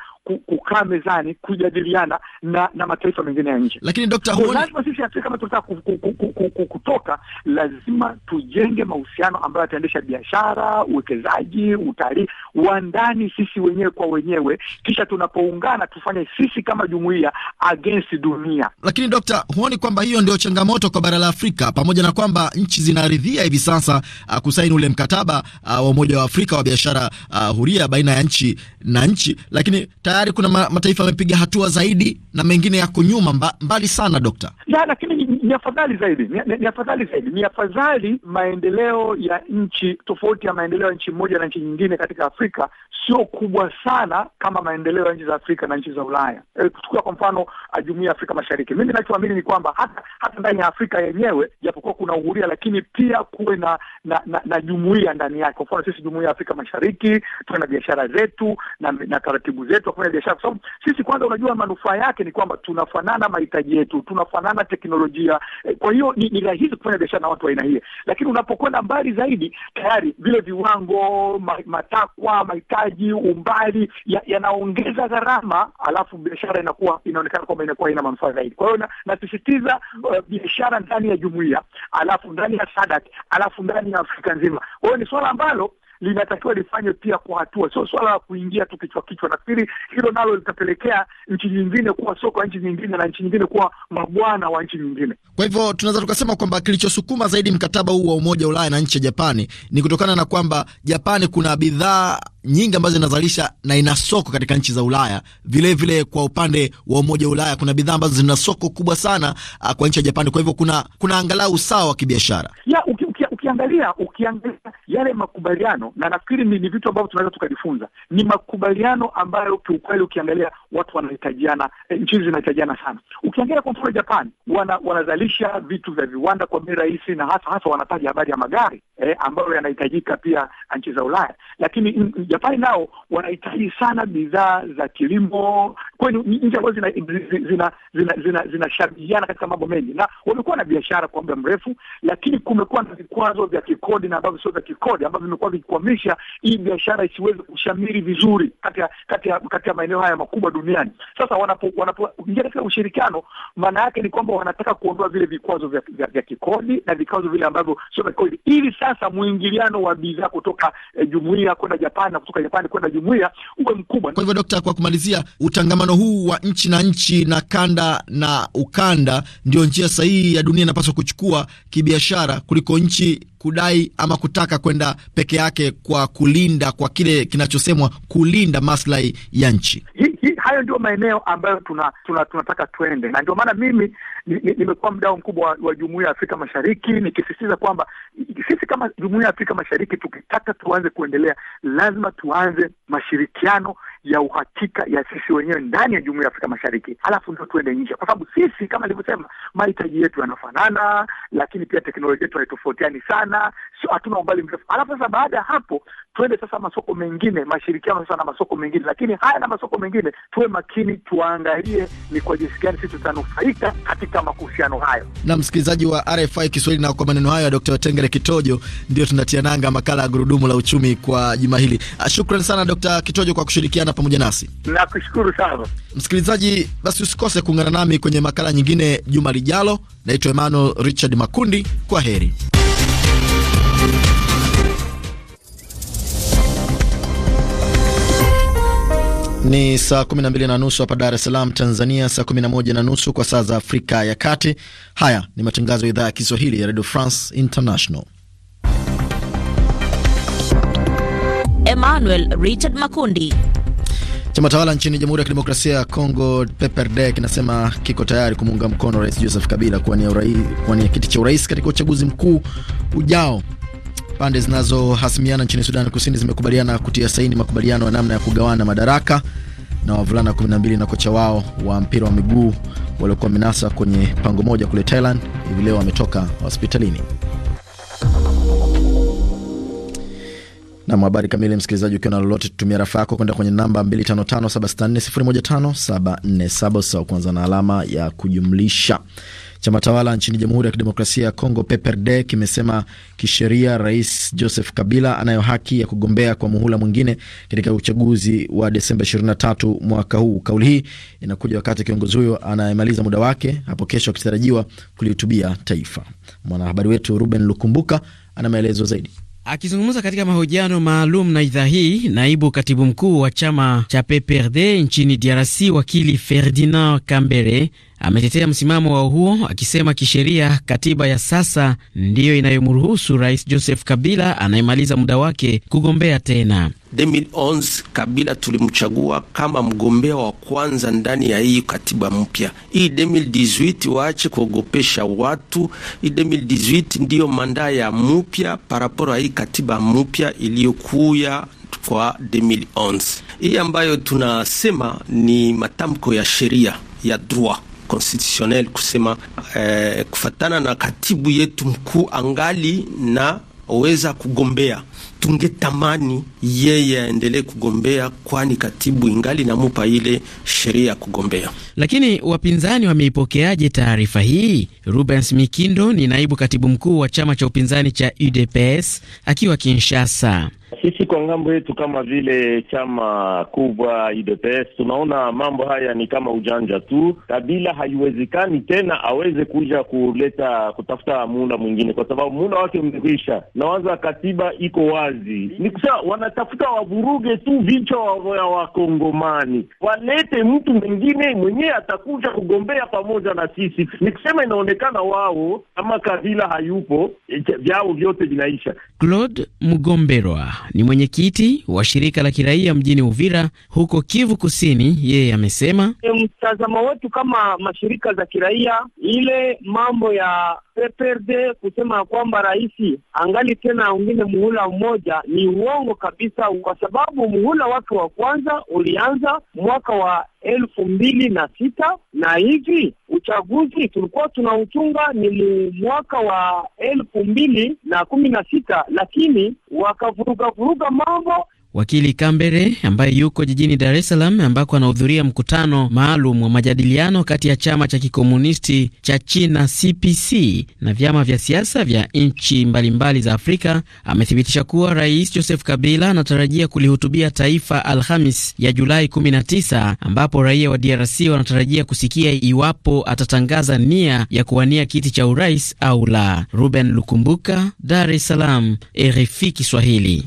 kukaa mezani kujadiliana na na mataifa mengine ya nje. Lakini Dr. Huoni, lazima sisi Afrika kama tunataka kutoka, lazima tujenge mahusiano ambayo yataendesha biashara, uwekezaji, utalii wa ndani, sisi wenyewe kwa wenyewe, kisha tunapoungana tufanye sisi kama jumuiya against dunia. Lakini Dr. Huoni kwamba hiyo ndio changamoto kwa bara la Afrika, pamoja na kwamba nchi zinaridhia hivi sasa uh, kusaini ule mkataba uh, wa Umoja wa Afrika wa biashara uh, huria baina ya nchi na nchi, lakini ta tayari kuna mataifa yamepiga hatua zaidi na mengine yako nyuma mba, mbali sana dokta. Ya, lakini ni afadhali zaidi, ni afadhali zaidi, ni afadhali maendeleo ya nchi tofauti ya maendeleo ya nchi moja na nchi nyingine katika Afrika sio kubwa sana kama maendeleo ya nchi za Afrika na nchi za Ulaya. Tuchukua e, kwa mfano jumuiya ya Afrika Mashariki, mimi nachoamini ni kwamba hata hata ndani ya Afrika yenyewe japokuwa kuna uhuria, lakini pia kuwe na na, na, na jumuiya ndani yake. Kwa mfano sisi jumuiya ya Afrika Mashariki tuwe na biashara zetu na, na taratibu zetu kufanya biashara, kwa sababu sisi kwanza, unajua manufaa yake ni kwamba tunafanana mahitaji yetu, tunafanana teknolojia, e, kwa hiyo ni, ni rahisi kufanya biashara na watu wa aina hiyo, lakini unapokwenda mbali zaidi tayari vile viwango ma, matakwa mahitaji usafirishaji, umbali, yanaongeza ya gharama, alafu biashara inakuwa inaonekana kwamba inakuwa ina manufaa zaidi. Kwa hiyo nasisitiza uh, biashara ndani ya jumuiya, alafu ndani ya SADC, alafu ndani ya Afrika nzima. Kwa hiyo ni swala ambalo linatakiwa lifanywe pia kwa hatua, sio swala la kuingia tu kichwa kichwa. Nafikiri hilo nalo litapelekea nchi nyingine kuwa soko ya nchi nyingine na nchi nyingine kuwa mabwana wa nchi nyingine. Kwa hivyo tunaweza tukasema kwamba kilichosukuma zaidi mkataba huu wa Umoja wa Ulaya na nchi ya Japani ni kutokana na kwamba Japani kuna bidhaa nyingi ambazo inazalisha na ina soko katika nchi za Ulaya. Vilevile vile kwa upande wa Umoja wa Ulaya kuna bidhaa ambazo zina soko kubwa sana ah, kwa nchi ya Japani. Kwa hivyo kuna, kuna angalau usawa wa kibiashara. Ukiangalia ukiangalia yale makubaliano, na nafikiri ni, ni vitu ambavyo tunaweza tukajifunza. Ni makubaliano ambayo kiukweli ukiangalia watu wanahitajiana, eh, nchi zinahitajiana sana. Ukiangalia kwa mfano Japan wana, wanazalisha vitu vya viwanda kwa bei rahisi, na hasa hasa wanataja habari ya magari eh, ambayo yanahitajika pia nchi za Ulaya, lakini Japani nao wanahitaji sana bidhaa za kilimo, kwa nchi ambazo zinashabihiana zina, zina, zina, zina katika mambo mengi, na wamekuwa na biashara kwa muda mrefu, lakini kumekuwa na vikwazo vya kikodi na ambavyo sio vya kikodi ambavyo vimekuwa vikikwamisha hii biashara isiweze kushamiri vizuri kati ya kati ya maeneo haya makubwa duniani. Sasa wanapoingia katika ushirikiano, maana yake ni kwamba wanataka kuondoa vile vikwazo vya, vya, vya kikodi na vikwazo vile ambavyo sio vya kikodi ili sasa sasa mwingiliano wa bidhaa kutoka e, jumuiya kwenda Japan na kutoka Japani kwenda jumuiya uwe mkubwa. Kwa hivyo, Dokta, kwa kumalizia, utangamano huu wa nchi na nchi na kanda na ukanda ndio njia sahihi ya dunia inapaswa kuchukua kibiashara kuliko nchi kudai ama kutaka kwenda peke yake kwa kulinda kwa kile kinachosemwa kulinda maslahi ya nchi. Hayo ndio maeneo ambayo tuna, tuna, tunataka twende, na ndio maana mimi nimekuwa ni, ni mdao mkubwa wa, wa Jumuiya ya Afrika Mashariki nikisisitiza kwamba sisi kama jumuiya ya Afrika Mashariki tukitaka tuanze kuendelea, lazima tuanze mashirikiano ya uhakika ya sisi wenyewe ndani ya jumuiya ya Afrika Mashariki, alafu ndio tuende nje, kwa sababu sisi kama nilivyosema, mahitaji yetu yanafanana, lakini pia teknolojia yetu haitofautiani sana hatuna umbali mrefu. Alafu sasa baada ya hapo tuende sasa masoko mengine, mashirikiano sasa na masoko mengine, lakini haya na masoko mengine tuwe makini, tuangalie ni kwa jinsi gani sisi tutanufaika katika mahusiano hayo. Na msikilizaji wa RFI Kiswahili, na kwa maneno hayo ya Dr. Tengere Kitojo ndio tunatia nanga makala ya gurudumu la uchumi kwa juma hili. Ah, shukran sana Dr. Kitojo kwa kushirikiana pamoja nasi, nakushukuru sana msikilizaji. Basi usikose kuungana nami kwenye makala nyingine juma lijalo. Naitwa Emmanuel Richard Makundi, kwa heri. Ni saa 12 na nusu hapa Dar es Salaam, Tanzania, saa 11 na nusu kwa saa za Afrika ya Kati. Haya ni matangazo ya idhaa ya Kiswahili ya Radio France International. Emmanuel Richard Makundi. Chama tawala nchini Jamhuri ya Kidemokrasia ya Kongo, PPRD, kinasema kiko tayari kumuunga mkono Rais Joseph Kabila kuwania kiti cha urais katika uchaguzi mkuu ujao. Pande zinazohasimiana nchini Sudan Kusini zimekubaliana kutia saini makubaliano ya namna ya kugawana madaraka na wavulana 12 na kocha wao wa mpira wa miguu waliokuwa minasa kwenye pango moja kule Thailand hivi leo wametoka hospitalini. Na habari kamili, msikilizaji, ukiwa na lolote, tutumia rafa yako kwenda kwenye namba 255 764 sawa, kuanza na alama ya kujumlisha Chama tawala nchini Jamhuri ya Kidemokrasia ya Kongo, PPRD, kimesema kisheria Rais Joseph Kabila anayo haki ya kugombea kwa muhula mwingine katika uchaguzi wa Desemba 23 mwaka huu. Kauli hii inakuja wakati kiongozi huyo anayemaliza muda wake hapo kesho akitarajiwa kulihutubia taifa. Mwanahabari wetu Ruben Lukumbuka ana maelezo zaidi. Akizungumza katika mahojiano maalum na idhaa hii, naibu katibu mkuu wa chama cha PPRD nchini DRC wakili Ferdinand Kambere ametetea msimamo wa huo akisema kisheria katiba ya sasa ndiyo inayomruhusu Rais Joseph Kabila anayemaliza muda wake kugombea tena. 2011 Kabila tulimchagua kama mgombea wa kwanza ndani ya hii katiba mpya. Hii 2018 waache kuogopesha watu. Hii 2018 ndiyo mandaa ya mupya paraporo ya hii katiba mpya iliyokuya kwa 2011. Hii ambayo tunasema ni matamko ya sheria ya droit constitutionnel kusema eh, kufatana na katibu yetu mkuu angali na weza kugombea. Tungetamani yeye aendelee kugombea, kwani katibu ingali namupa ile sheria ya kugombea. Lakini wapinzani wameipokeaje taarifa hii? Rubens Mikindo ni naibu katibu mkuu wa chama cha upinzani cha UDPS akiwa Kinshasa. Sisi kwa ngambo yetu kama vile chama kubwa UDPS tunaona mambo haya ni kama ujanja tu. Kabila haiwezekani tena aweze kuja kuleta kutafuta muunda mwingine, kwa sababu muunda wake umekwisha. Nawaza katiba iko wazi, ni kusema wanatafuta wavuruge tu vichwa wa Wakongomani, walete mtu mwingine mwenyewe atakuja kugombea pamoja na sisi. Ni kusema inaonekana wao kama kabila hayupo, eh, vyao vyote vinaisha. Claude Mgomberwa ni mwenyekiti wa shirika la kiraia mjini Uvira huko Kivu Kusini. Yeye amesema e, mtazamo wetu kama mashirika za kiraia, ile mambo ya PPRD kusema kwamba rais angali tena wengine muhula mmoja ni uongo kabisa, kwa sababu muhula wake wa kwanza ulianza mwaka wa elfu mbili na sita na hivi uchaguzi tulikuwa tunauchunga ni mwaka wa elfu mbili na kumi na sita, lakini wakavuruga vuruga mambo Wakili Kambere ambaye yuko jijini Dar es Salaam ambako anahudhuria mkutano maalum wa majadiliano kati ya chama cha kikomunisti cha China CPC na vyama vya siasa vya nchi mbalimbali za Afrika amethibitisha kuwa Rais Joseph Kabila anatarajia kulihutubia taifa Alhamis ya Julai 19 ambapo raia wa DRC wanatarajia kusikia iwapo atatangaza nia ya kuwania kiti cha urais au la. Ruben Lukumbuka, Dar es Salaam, RFI Kiswahili.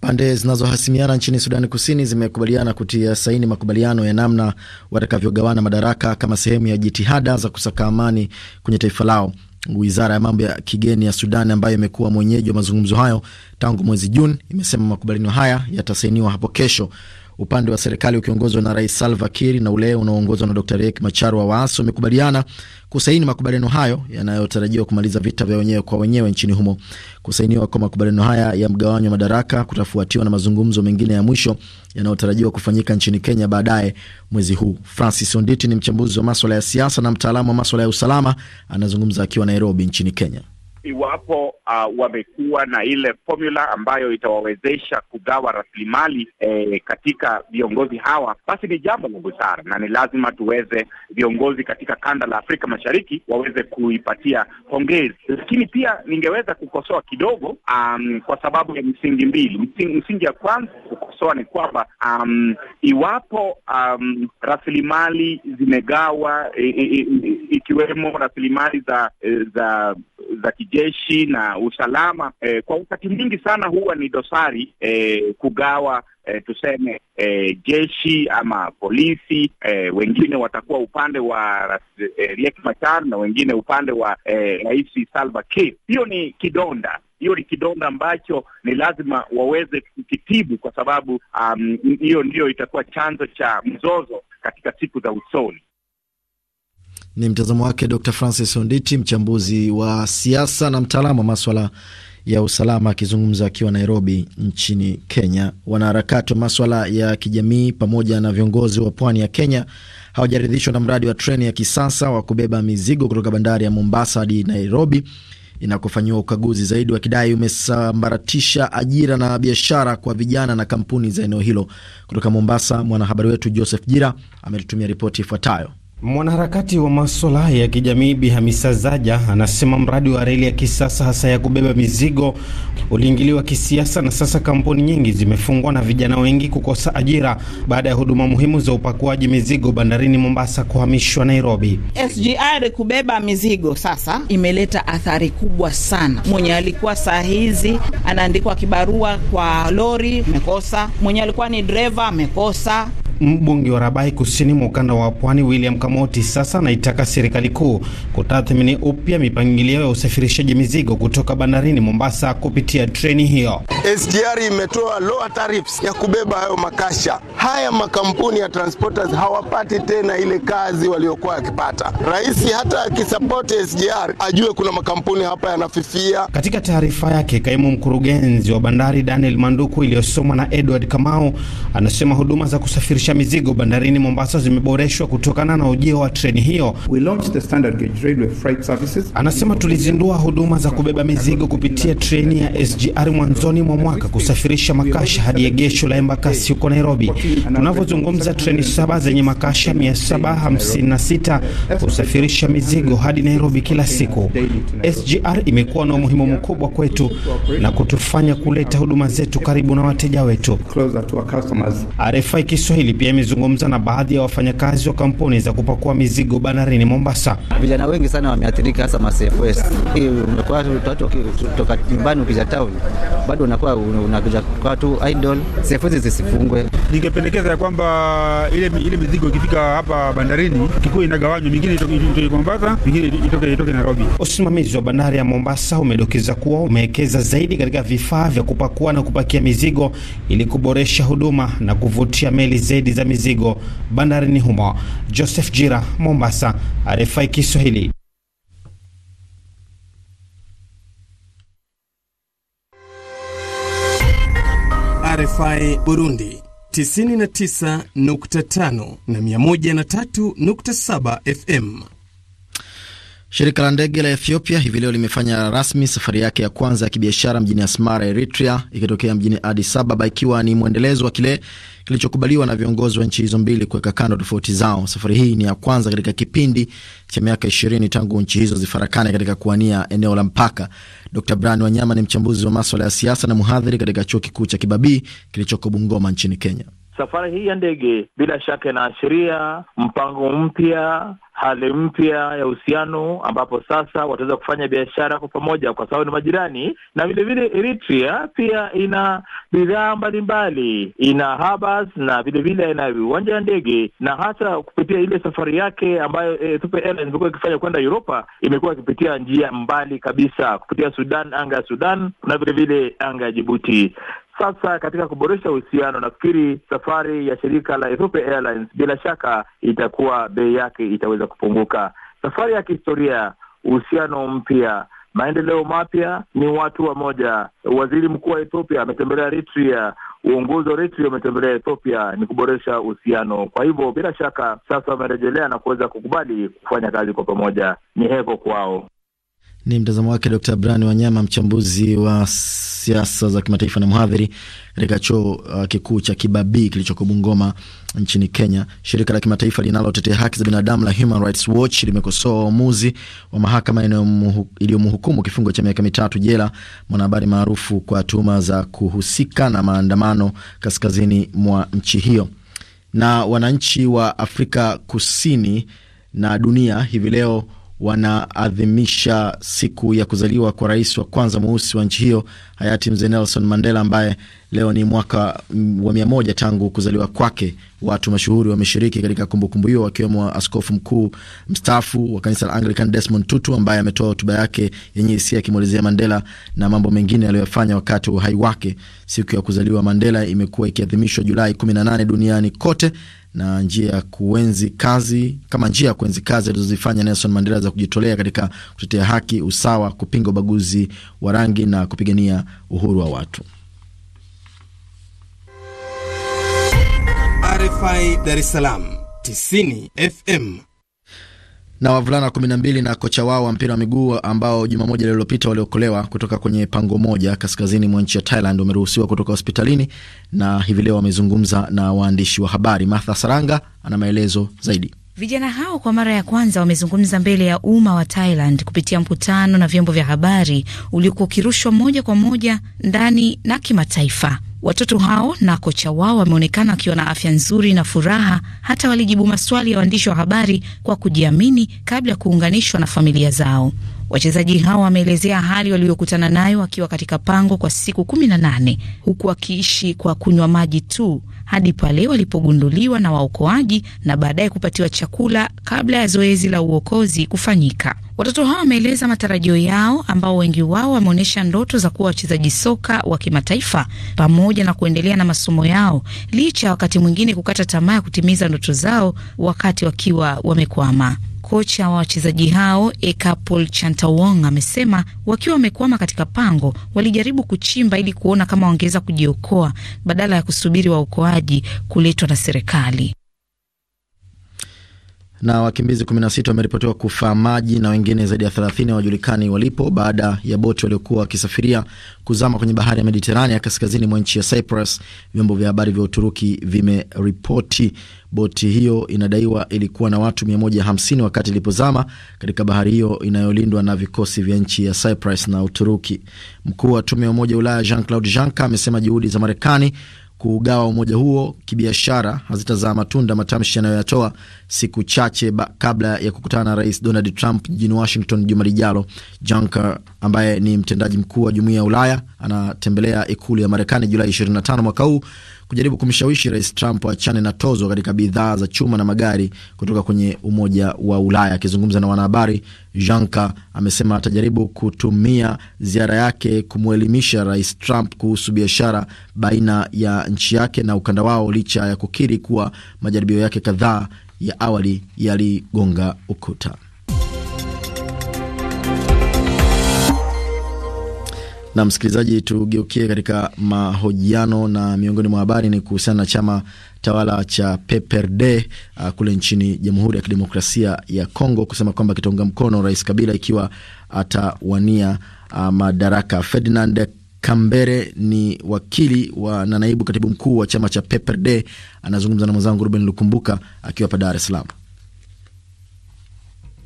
Pande zinazohasimiana nchini Sudani Kusini zimekubaliana kutia saini makubaliano ya namna watakavyogawana madaraka kama sehemu ya jitihada za kusaka amani kwenye taifa lao. Wizara ya mambo ya kigeni ya Sudan ambayo imekuwa mwenyeji wa mazungumzo hayo tangu mwezi Juni imesema makubaliano haya yatasainiwa hapo kesho. Upande wa serikali ukiongozwa na Rais Salva Kiir na ule unaoongozwa na Dr Riek Machar wa waasi wamekubaliana kusaini makubaliano hayo yanayotarajiwa kumaliza vita vya wenyewe kwa wenyewe nchini humo. Kusainiwa kwa makubaliano haya ya mgawanyo wa madaraka kutafuatiwa na mazungumzo mengine ya mwisho yanayotarajiwa kufanyika nchini Kenya baadaye mwezi huu. Francis Onditi ni mchambuzi wa maswala ya siasa na mtaalamu wa maswala ya usalama, anazungumza akiwa Nairobi nchini Kenya iwapo uh, wamekuwa na ile formula ambayo itawawezesha kugawa rasilimali eh, katika viongozi hawa, basi ni jambo la busara na ni lazima tuweze viongozi katika kanda la Afrika Mashariki waweze kuipatia pongezi, lakini pia ningeweza kukosoa kidogo um, kwa sababu ya msingi mbili. Msingi, msingi ya kwanza kukosoa ni kwamba um, iwapo um, rasilimali zimegawa ikiwemo rasilimali za za za kijeshi na usalama eh, kwa wakati mwingi sana huwa ni dosari eh, kugawa eh, tuseme eh, jeshi ama polisi eh, wengine watakuwa upande wa eh, Riek Machar na wengine upande wa eh, Rais eh, Salva Kiir. Hiyo ni kidonda hiyo ni kidonda ambacho ni lazima waweze kukitibu, kwa sababu um, hiyo um, ndiyo itakuwa chanzo cha mzozo katika siku za usoni. Ni mtazamo wake Dr Francis Onditi, mchambuzi wa siasa na mtaalamu wa maswala ya usalama, akizungumza akiwa Nairobi nchini Kenya. Wanaharakati wa maswala ya kijamii pamoja na viongozi wa pwani ya Kenya hawajaridhishwa na mradi wa treni ya kisasa wa kubeba mizigo kutoka bandari ya Mombasa hadi Nairobi inakofanyiwa ukaguzi zaidi, wakidai umesambaratisha ajira na biashara kwa vijana na kampuni za eneo hilo. Kutoka Mombasa, mwanahabari wetu Joseph Jira ametutumia ripoti ifuatayo. Mwanaharakati wa maswala ya kijamii Bi Hamisa Zaja anasema mradi wa reli ya kisasa hasa ya kubeba mizigo uliingiliwa kisiasa, na sasa kampuni nyingi zimefungwa na vijana wengi kukosa ajira baada ya huduma muhimu za upakuaji mizigo bandarini Mombasa kuhamishwa Nairobi. SGR kubeba mizigo sasa imeleta athari kubwa sana. Mwenye alikuwa saa hizi anaandikwa kibarua kwa lori amekosa, mwenye alikuwa ni dreva amekosa mbunge wa Rabai kusini mwa ukanda wa Pwani William Kamoti sasa anaitaka serikali kuu kutathmini upya mipangilio ya usafirishaji mizigo kutoka bandarini Mombasa kupitia treni hiyo. SGR imetoa lower tariffs ya kubeba hayo makasha. Haya makampuni ya transporters hawapati tena ile kazi waliokuwa wakipata. Rais hata akisapoti SGR ajue kuna makampuni hapa yanafifia. Katika taarifa yake, kaimu mkurugenzi wa bandari Daniel Manduku iliyosomwa na Edward Kamau anasema huduma za kusafirisha kusafirisha mizigo bandarini Mombasa zimeboreshwa kutokana na ujio wa treni hiyo. We launched the standard gauge railway freight services. Anasema tulizindua huduma za kubeba mizigo kupitia treni ya SGR mwanzoni mwa mwaka kusafirisha makasha hadi egesho la Embakasi huko Nairobi. Tunavyozungumza, treni saba zenye makasha 756 kusafirisha mizigo hadi Nairobi kila siku. SGR imekuwa na umuhimu mkubwa kwetu na kutufanya kuleta huduma zetu karibu na wateja wetu. RFI Kiswahili pia imezungumza na baadhi ya wafanyakazi wa kampuni za kupakua mizigo bandarini Mombasa. Vijana wengi sana wameathirika, hasa masefs. Umekuwa watu kutoka nyumbani, ukija town bado unakuwa unakuja kwa tu idol, sefs zisifungwe. Ningependekeza ya kwamba ile ile mizigo ikifika hapa bandarini kikuwa inagawanywa, mingine itoke Mombasa, mingine itoke itoke Nairobi. Usimamizi wa bandari ya Mombasa umedokeza kuwa umewekeza zaidi katika vifaa vya kupakua na kupakia mizigo ili kuboresha huduma na kuvutia meli zaidi hadi za mizigo bandarini humo. Joseph Jira, Mombasa, RFI Kiswahili. RFI Burundi 99.5 na 103.7 FM. Shirika la ndege la Ethiopia hivi leo limefanya rasmi safari yake ya kwanza ya kibiashara mjini Asmara, Eritrea, ikitokea mjini Addis Ababa, ikiwa ni mwendelezo wa kile kilichokubaliwa na viongozi wa nchi hizo mbili kuweka kando tofauti zao. Safari hii ni ya kwanza katika kipindi cha miaka ishirini tangu nchi hizo zifarakane katika kuwania eneo la mpaka. Dr Brian Wanyama ni mchambuzi wa maswala ya siasa na mhadhiri katika chuo kikuu cha Kibabii kilichoko Bungoma nchini Kenya. Safari hii ya ndege bila shaka inaashiria mpango mpya, hali mpya ya uhusiano, ambapo sasa wataweza kufanya biashara kwa pamoja, kwa sababu ni majirani. Na vilevile Eritrea pia ina bidhaa mbalimbali, ina habas na vilevile ina viwanja ya ndege, na hata kupitia ile safari yake ambayo Ethiopia eh, ikifanya kwenda uropa imekuwa ikipitia njia mbali kabisa, kupitia Sudan, anga ya Sudan na vilevile anga ya Jibuti. Sasa katika kuboresha uhusiano, nafikiri safari ya shirika la Ethiopia Airlines bila shaka itakuwa bei yake itaweza kupunguka. Safari ya kihistoria, uhusiano mpya maendeleo mapya ni watu wa moja. Waziri mkuu wa Ethiopia ametembelea Eritrea, uongozi wa Eritrea umetembelea Ethiopia, ni kuboresha uhusiano. Kwa hivyo bila shaka sasa wamerejelea na kuweza kukubali kufanya kazi kwa pamoja, ni heko kwao. Ni mtazamo wake Dr Brian Wanyama, mchambuzi wa siasa za kimataifa na mhadhiri katika chuo uh, kikuu cha Kibabii kilichoko Bungoma nchini Kenya. Shirika la kimataifa linalotetea haki za binadamu la Human Rights Watch limekosoa uamuzi wa mahakama iliyomhukumu kifungo cha miaka mitatu jela mwanahabari maarufu kwa tuhuma za kuhusika na maandamano kaskazini mwa nchi hiyo. Na wananchi wa Afrika Kusini na dunia hivi leo wanaadhimisha siku ya kuzaliwa kwa rais wa kwanza mweusi wa nchi hiyo hayati mzee Nelson Mandela ambaye leo ni mwaka wa mia moja tangu kuzaliwa kwake. Watu mashuhuri wameshiriki katika kumbukumbu hiyo wakiwemo askofu mkuu mstaafu wa kanisa la Anglican Desmond Tutu ambaye ametoa hotuba yake yenye hisia akimwelezea Mandela na mambo mengine aliyoyafanya wakati wa uhai wake. Siku ya kuzaliwa Mandela imekuwa ikiadhimishwa Julai 18 duniani kote na njia ya kuenzi kazi kama njia ya kuenzi kazi alizozifanya Nelson Mandela za kujitolea katika kutetea haki, usawa, kupinga ubaguzi wa rangi na kupigania uhuru wa watu. RFI Dar es Salaam 90 FM na wavulana mbili na kocha wao wa mpira wa miguu ambao juma moja lililopita waliokolewa kutoka kwenye pango moja kaskazini mwa nchi ya Thailand wameruhusiwa kutoka hospitalini na hivi leo wamezungumza na waandishi wa habari. Martha Saranga ana maelezo zaidi. Vijana hao kwa mara ya kwanza wamezungumza mbele ya umma wa Thailand kupitia mkutano na vyombo vya habari uliokuwa ukirushwa moja kwa moja ndani na kimataifa. Watoto hao na kocha wao wameonekana wakiwa na afya nzuri na furaha, hata walijibu maswali ya waandishi wa habari kwa kujiamini kabla ya kuunganishwa na familia zao. Wachezaji hao wameelezea hali waliokutana nayo wakiwa katika pango kwa siku kumi na nane huku wakiishi kwa kunywa maji tu hadi pale walipogunduliwa na waokoaji na baadaye kupatiwa chakula kabla ya zoezi la uokozi kufanyika. Watoto hao wameeleza matarajio yao, ambao wengi wao wameonyesha ndoto za kuwa wachezaji soka wa kimataifa pamoja na kuendelea na masomo yao, licha ya wakati mwingine kukata tamaa ya kutimiza ndoto zao wakati wakiwa wamekwama. Kocha wa wachezaji hao Ekapol Chantawong amesema wakiwa wamekwama katika pango, walijaribu kuchimba ili kuona kama wangeweza kujiokoa badala ya kusubiri waokoaji kuletwa na serikali na wakimbizi 16 wameripotiwa kufa maji na wengine zaidi ya 30 hawajulikani walipo baada ya boti waliokuwa wakisafiria kuzama kwenye bahari ya Mediterania kaskazini mwa nchi ya Cyprus. Vyombo vya habari vya Uturuki vimeripoti boti hiyo inadaiwa ilikuwa na watu 150 wakati ilipozama katika bahari hiyo inayolindwa na vikosi vya nchi ya Cyprus na Uturuki. Mkuu wa tume ya Umoja wa Ulaya Jean Claude Juncker amesema juhudi za Marekani kugawa umoja huo kibiashara hazitazaa matunda, matamshi yanayoyatoa siku chache kabla ya kukutana na Rais Donald Trump jijini Washington juma lijalo. Juncker ambaye ni mtendaji mkuu wa jumuiya ya Ulaya anatembelea ikulu ya Marekani Julai 25 mwaka huu kujaribu kumshawishi Rais Trump achane na tozo katika bidhaa za chuma na magari kutoka kwenye Umoja wa Ulaya. Akizungumza na wanahabari, Janka amesema atajaribu kutumia ziara yake kumwelimisha Rais Trump kuhusu biashara baina ya nchi yake na ukanda wao, licha ya kukiri kuwa majaribio yake kadhaa ya awali yaligonga ukuta. Na msikilizaji, tugeukie katika mahojiano na miongoni mwa habari ni kuhusiana na chama tawala cha PPRD uh, kule nchini Jamhuri ya Kidemokrasia ya Kongo kusema kwamba kitaunga mkono Rais Kabila ikiwa atawania uh, madaraka. Ferdinand Kambere ni wakili wa na naibu katibu mkuu wa chama cha PPRD, anazungumza na mwenzangu Ruben Lukumbuka akiwa hapa Dar es Salaam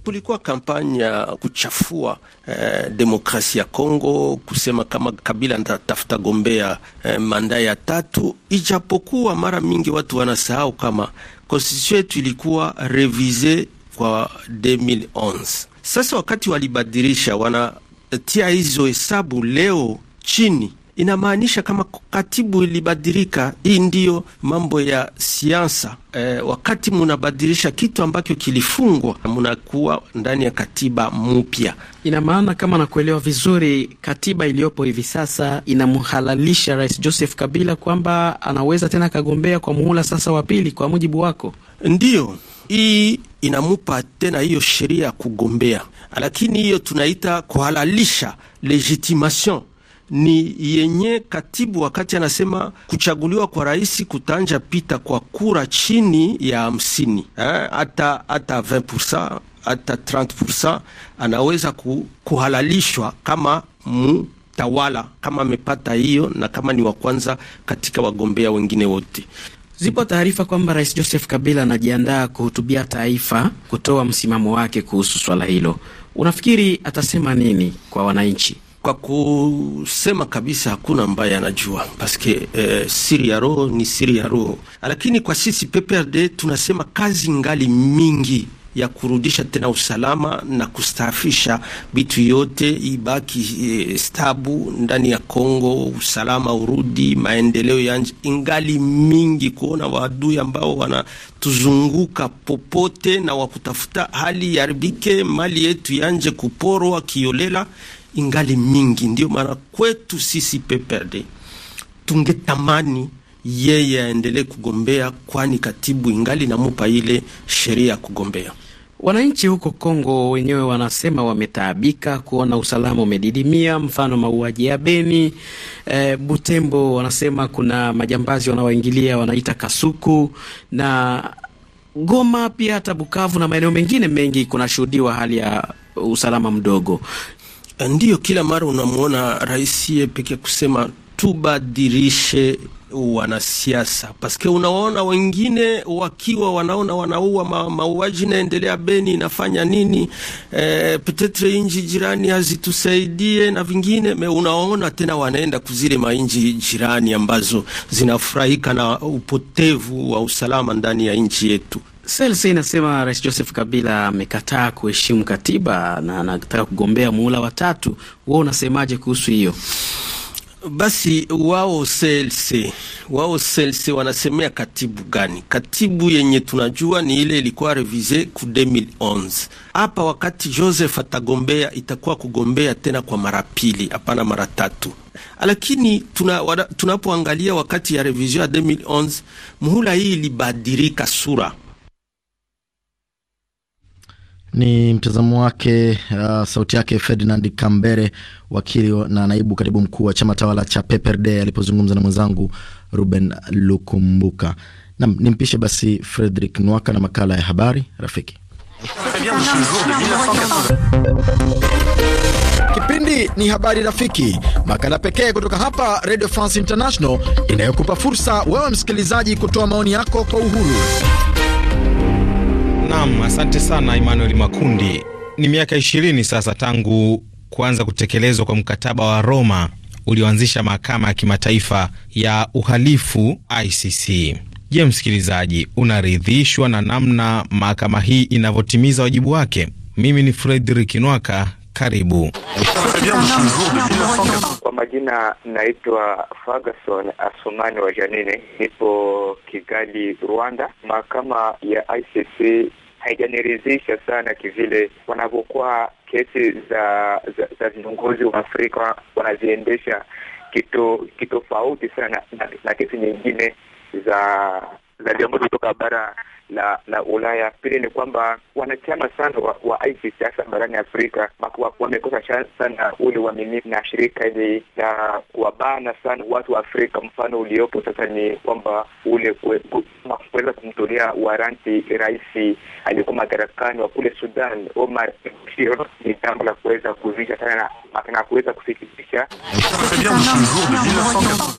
kulikuwa kampanya ya kuchafua eh, demokrasia ya Kongo, kusema kama Kabila ndatafuta gombea eh, manda ya tatu, ijapokuwa mara mingi watu wanasahau kama konstitution yetu ilikuwa revise kwa 2011. Sasa wakati walibadilisha, wanatia hizo hesabu leo chini inamaanisha kama katibu ilibadilika. Hii ndiyo mambo ya siasa e, wakati munabadilisha kitu ambacho kilifungwa munakuwa ndani ya katiba mupya Ina maana kama nakuelewa vizuri, katiba iliyopo hivi sasa inamhalalisha Rais Joseph Kabila kwamba anaweza tena akagombea kwa muhula sasa wa pili, kwa mujibu wako? Ndiyo, hii inamupa tena hiyo sheria ya kugombea, lakini hiyo tunaita kuhalalisha legitimation ni yenye katibu wakati anasema kuchaguliwa kwa rais kutanja pita kwa kura chini ya hamsini hata hata 20% hata 30% anaweza ku, kuhalalishwa kama mtawala kama amepata hiyo na kama ni wa kwanza katika wagombea wengine wote. Zipo taarifa kwamba Rais Joseph Kabila anajiandaa kuhutubia taifa kutoa msimamo wake kuhusu swala hilo. Unafikiri atasema nini kwa wananchi? Kwa kusema kabisa, hakuna ambaye anajua paske eh, siri ya roho ni siri ya roho, lakini kwa sisi PPRD tunasema kazi ngali mingi ya kurudisha tena usalama na kustaafisha vitu yote ibaki eh, stabu ndani ya Kongo, usalama urudi, maendeleo yanje ingali mingi kuona waadui ambao wanatuzunguka popote na wakutafuta hali yaribike, mali yetu yanje kuporwa kiolela ingali mingi. Ndio maana kwetu sisi PPRD tungetamani yeye aendelee kugombea, kwani katibu ingali namupa ile sheria ya kugombea. Wananchi huko Kongo wenyewe wanasema wametaabika kuona usalama umedidimia, mfano mauaji ya Beni, e, Butembo. Wanasema kuna majambazi wanaoingilia wanaita kasuku na Goma, pia hata Bukavu na maeneo mengine mengi kunashuhudiwa hali ya usalama mdogo. Ndiyo, kila mara unamwona rais pekee kusema tubadilishe wanasiasa paske unawaona wengine wakiwa wanaona wanaua ma, mauaji naendelea Beni inafanya nini? E, petetre inji jirani hazitusaidie na vingine me, unaona tena wanaenda kuzile mainji jirani ambazo zinafurahika na upotevu wa usalama ndani ya nchi yetu. CLC inasema Rais Joseph Kabila amekataa kuheshimu katiba na anataka kugombea muhula wa tatu. Wewe unasemaje kuhusu hiyo? Basi wao CLC, wao CLC wanasemea katibu gani? Katibu yenye tunajua ni ile ilikuwa revise ku 2011. Hapa wakati Joseph atagombea itakuwa kugombea tena kwa mara pili, hapana mara tatu. Lakini tunapoangalia tuna wakati ya revision ya 2011 muhula hii ilibadilika sura ni mtazamo wake. Uh, sauti yake Ferdinand Kambere, wakili na naibu katibu mkuu wa chama tawala cha PPRD alipozungumza na mwenzangu Ruben Lukumbuka. Nam nimpishe basi Frederick Nwaka na makala ya habari rafiki. Kipindi ni habari rafiki, makala pekee kutoka hapa Radio France International inayokupa fursa wewe msikilizaji kutoa maoni yako kwa uhuru. Naam, asante sana Emmanuel Makundi. Ni miaka ishirini sasa tangu kuanza kutekelezwa kwa mkataba wa Roma ulioanzisha mahakama ya kimataifa ya uhalifu ICC. Je, msikilizaji, unaridhishwa na namna mahakama hii inavyotimiza wajibu wake? Mimi ni Fredrik Nwaka, karibu. Kwa majina naitwa Ferguson Asumani wa Janini, nipo Kigali, Rwanda. Mahakama ya ICC haijaniridhisha sana kivile wanavyokuwa kesi za za, za viongozi wa Afrika wanaziendesha kito kitofauti sana na, na kesi nyingine za za viongozi kutoka bara na na Ulaya. Pili ni kwamba wanachama sana wa, wa ICC hasa barani Afrika wamekosa chance sana ule uaminifu na shirika hili la kuwabana sana watu wa Afrika. Mfano uliopo sasa ni kwamba ule kuweza kumtolea waranti rais aliyekuwa madarakani wa kule Sudan Omar Bashir ni jambo la kuweza kuzisha sana na kuweza kusikitisha.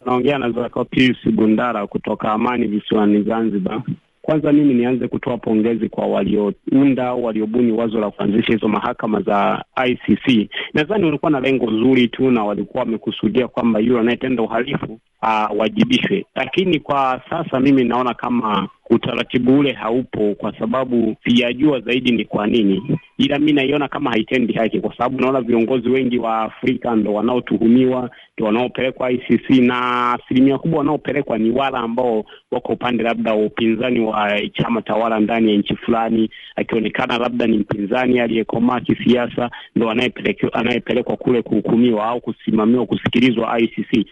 Naongea na Zako Bundara kutoka Amani visiwani Zanzibar. Kwanza mimi nianze kutoa pongezi kwa waliounda waliobuni wazo la kuanzisha hizo mahakama za ICC. Nadhani walikuwa na lengo zuri tu na walikuwa wamekusudia kwamba yule anayetenda uhalifu awajibishwe, ah, lakini kwa sasa mimi naona kama utaratibu ule haupo, kwa sababu sijajua zaidi ni kwa nini, ila mi naiona kama haitendi haki, kwa sababu naona viongozi wengi wa Afrika ndo wanaotuhumiwa, ndo wanaopelekwa ICC, na asilimia kubwa wanaopelekwa ni wale ambao wako upande labda wa upinzani wa chama tawala ndani ya nchi fulani. Akionekana labda ni mpinzani aliyekomaa kisiasa, ndo anayepelekwa kule kuhukumiwa au kusimamiwa, kusikilizwa ICC.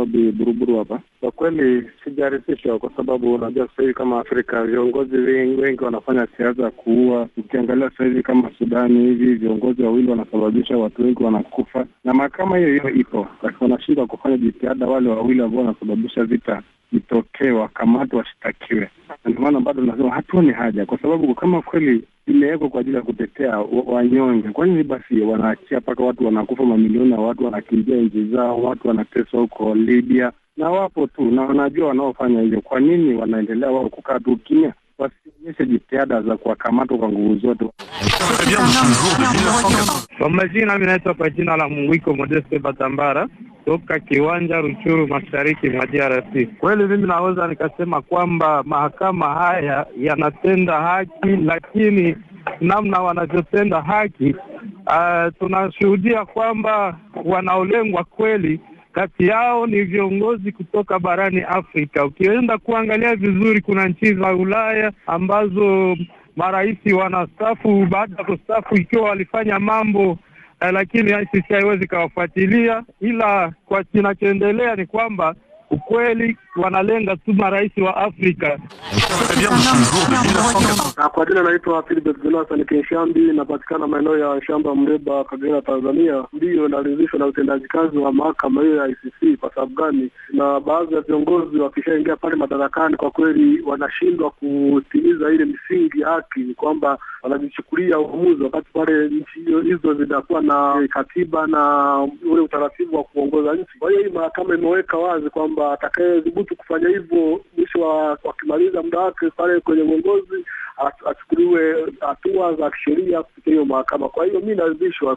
Nairobi Buruburu hapa. Kwa kweli sijaridhishwa, kwa sababu unajua sasa hivi kama Afrika viongozi wengi wanafanya siasa kuua. Ukiangalia sasa hivi kama Sudani hivi viongozi wawili wanasababisha watu wengi wanakufa, na mahakama hiyo hiyo ipo, lakini wanashindwa kufanya jitihada wale wawili ambao wanasababisha vita itokee, wakamatwe, washtakiwe. Ndio maana bado nasema hatuoni haja, kwa sababu kama kweli imewekwa kwa ajili ya kutetea wanyonge, kwa nini basi wanaachia mpaka watu wanakufa, mamilioni ya watu wanakimbia nchi zao, watu wanateswa huko Libya na wapo tu na wanajua wanaofanya hivyo. Kwa nini wanaendelea wao kukaa tu kimya? wasionyeshe jitihada za kuwakamatwa kwa nguvu zote. Kwa majina, mi naitwa kwa jina la Mwiko Modeste Batambara toka kiwanja Ruchuru, mashariki mwa DRC. Kweli mimi naweza nikasema kwamba mahakama haya yanatenda haki, lakini namna wanavyotenda haki uh, tunashuhudia kwamba wanaolengwa kweli kati yao ni viongozi kutoka barani Afrika. Ukienda kuangalia vizuri, kuna nchi za Ulaya ambazo marais wanastafu baada ya kustafu ikiwa walifanya mambo eh, lakini ICC haiwezi ikawafuatilia, ila kwa kinachoendelea ni kwamba ukweli wanalenga tu marais wa Afrika. Kwa jina naitwa Philip Jonathan Kenshambi, napatikana maeneo ya shamba Mreba, Kagera, Tanzania. Ndiyo inaridhishwa na utendaji kazi wa mahakama hiyo ya ICC. Kwa sababu gani? Na baadhi ya viongozi wakishaingia pale madarakani, kwa kweli wanashindwa kutimiza ile misingi haki, kwamba wanajichukulia uamuzi, wakati pale nchi hizo zinakuwa na katiba na ule utaratibu wa kuongoza nchi. Kwa hiyo hii mahakama imeweka wazi kwamba kwamba atakayedhubutu kufanya hivyo mwisho wakimaliza muda wake pale kwenye uongozi achukuliwe hatua za kisheria kupitia hiyo mahakama. Kwa hiyo mi naridhishwa.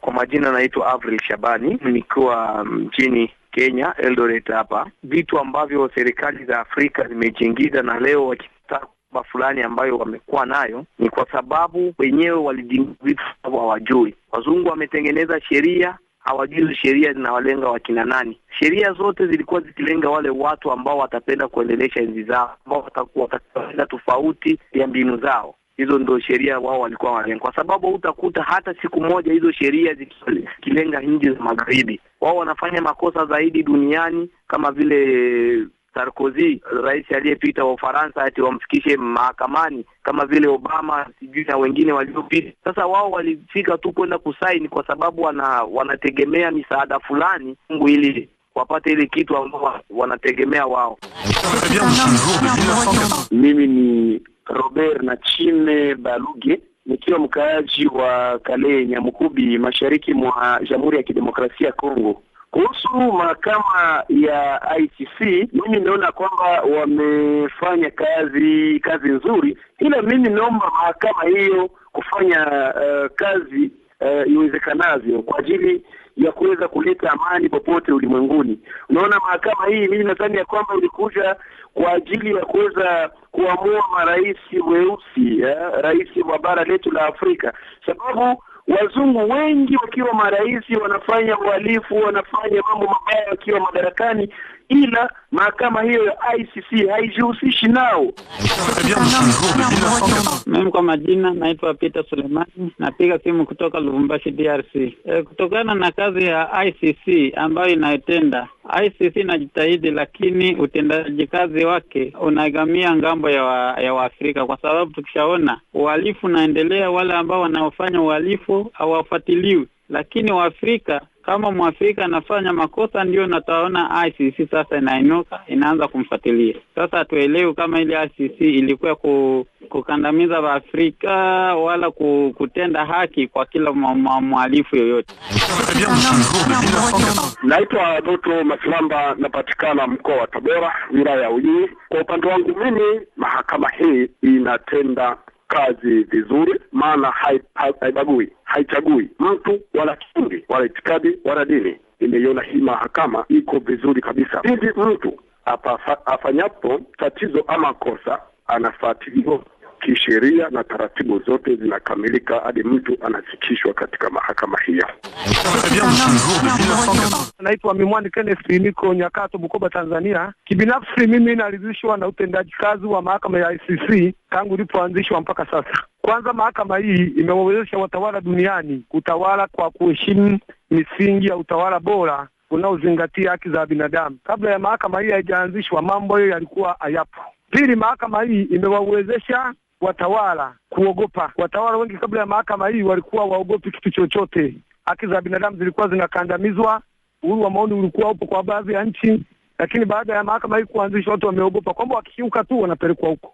Kwa majina naitwa Avril Shabani nikiwa mjini Kenya, Eldoret hapa. Vitu ambavyo serikali za Afrika zimejiingiza na leo wakitaka fulani ambayo wamekuwa nayo ni kwa sababu wenyewe walijiingiza vitu hawajui. Wazungu wametengeneza sheria hawajui sheria zinawalenga wakina nani. Sheria zote zilikuwa zikilenga wale watu ambao watapenda kuendelesha enzi zao, ambao watapenda tofauti ya mbinu zao. Hizo ndo sheria wao walikuwa wanalenga, kwa sababu utakuta hata siku moja hizo sheria zikilenga nchi za magharibi. Wao wanafanya makosa zaidi duniani kama vile Sarkozy, rais aliyepita wa Ufaransa, ati wamfikishe mahakamani kama vile Obama sijui na wengine waliopita. Sasa wao walifika tu kwenda kusaini kwa sababu wana, wanategemea misaada fulani Mungu ili wapate ile kitu ambao wanategemea wao. Mimi ni Robert Nachime Baluge nikiwa mkaaji wa Kale Nyamukubi, mashariki mwa Jamhuri ya Kidemokrasia ya Kongo. Kuhusu mahakama ya ICC, mimi naona kwamba wamefanya kazi kazi nzuri, ila mimi naomba mahakama hiyo kufanya uh, kazi uh, iwezekanavyo kwa ajili ya kuweza kuleta amani popote ulimwenguni. Unaona, mahakama hii mimi nadhani ya kwamba ilikuja kwa ajili ya kuweza kuamua marais weusi eh, rais wa bara letu la Afrika, sababu wazungu wengi wakiwa marais wanafanya uhalifu, wanafanya mambo mabaya wakiwa madarakani, ila mahakama hiyo ya ICC haijihusishi nao. Mimi kwa majina naitwa Peter Sulemani, napiga simu kutoka Lubumbashi, DRC. E, eh, kutokana na kazi ya ICC ambayo inayotenda ICC inajitahidi, lakini utendaji kazi wake unagamia ngambo ya, wa, ya Waafrika kwa sababu tukishaona uhalifu unaendelea, wale ambao wanaofanya uhalifu hawafuatiliwi lakini Waafrika kama Mwafrika anafanya makosa, ndio nataona ICC sasa inainuka inaanza kumfuatilia. Sasa hatuelewi kama ile ICC ilikuwa ku, kukandamiza Waafrika wala ku, kutenda haki kwa kila mwalifu yoyote. Naitwa Doto Masilamba, napatikana mkoa wa Tabora, wilaya ya Ujiji. Kwa upande wangu mimi, mahakama hii inatenda kazi vizuri, maana haibagui, haichagui mtu wala kikundi wala itikadi wala dini. Imeiona hii mahakama iko vizuri kabisa, hivi mtu apa, afanyapo tatizo ama kosa anafuatiliwa kisheria na taratibu zote zinakamilika hadi mtu anafikishwa katika mahakama hiyo. Naitwa Mimwani Kenneth, niko Nyakato, Bukoba, Tanzania. Kibinafsi mimi naridhishwa na utendaji kazi wa mahakama ya ICC tangu ilipoanzishwa mpaka sasa. Kwanza, mahakama hii imewawezesha watawala duniani kutawala kwa kuheshimu misingi ya utawala bora unaozingatia haki za binadamu. Kabla ya mahakama hii haijaanzishwa, mambo hayo yalikuwa hayapo. Pili, mahakama hii imewawezesha watawala kuogopa. Watawala wengi kabla ya mahakama hii walikuwa waogopi kitu chochote. Haki za binadamu zilikuwa zinakandamizwa, uhuru wa maoni ulikuwa upo kwa baadhi ya nchi lakini baada ya mahakama hii kuanzishwa, watu wameogopa kwamba wakishuka tu wanapelekwa huko.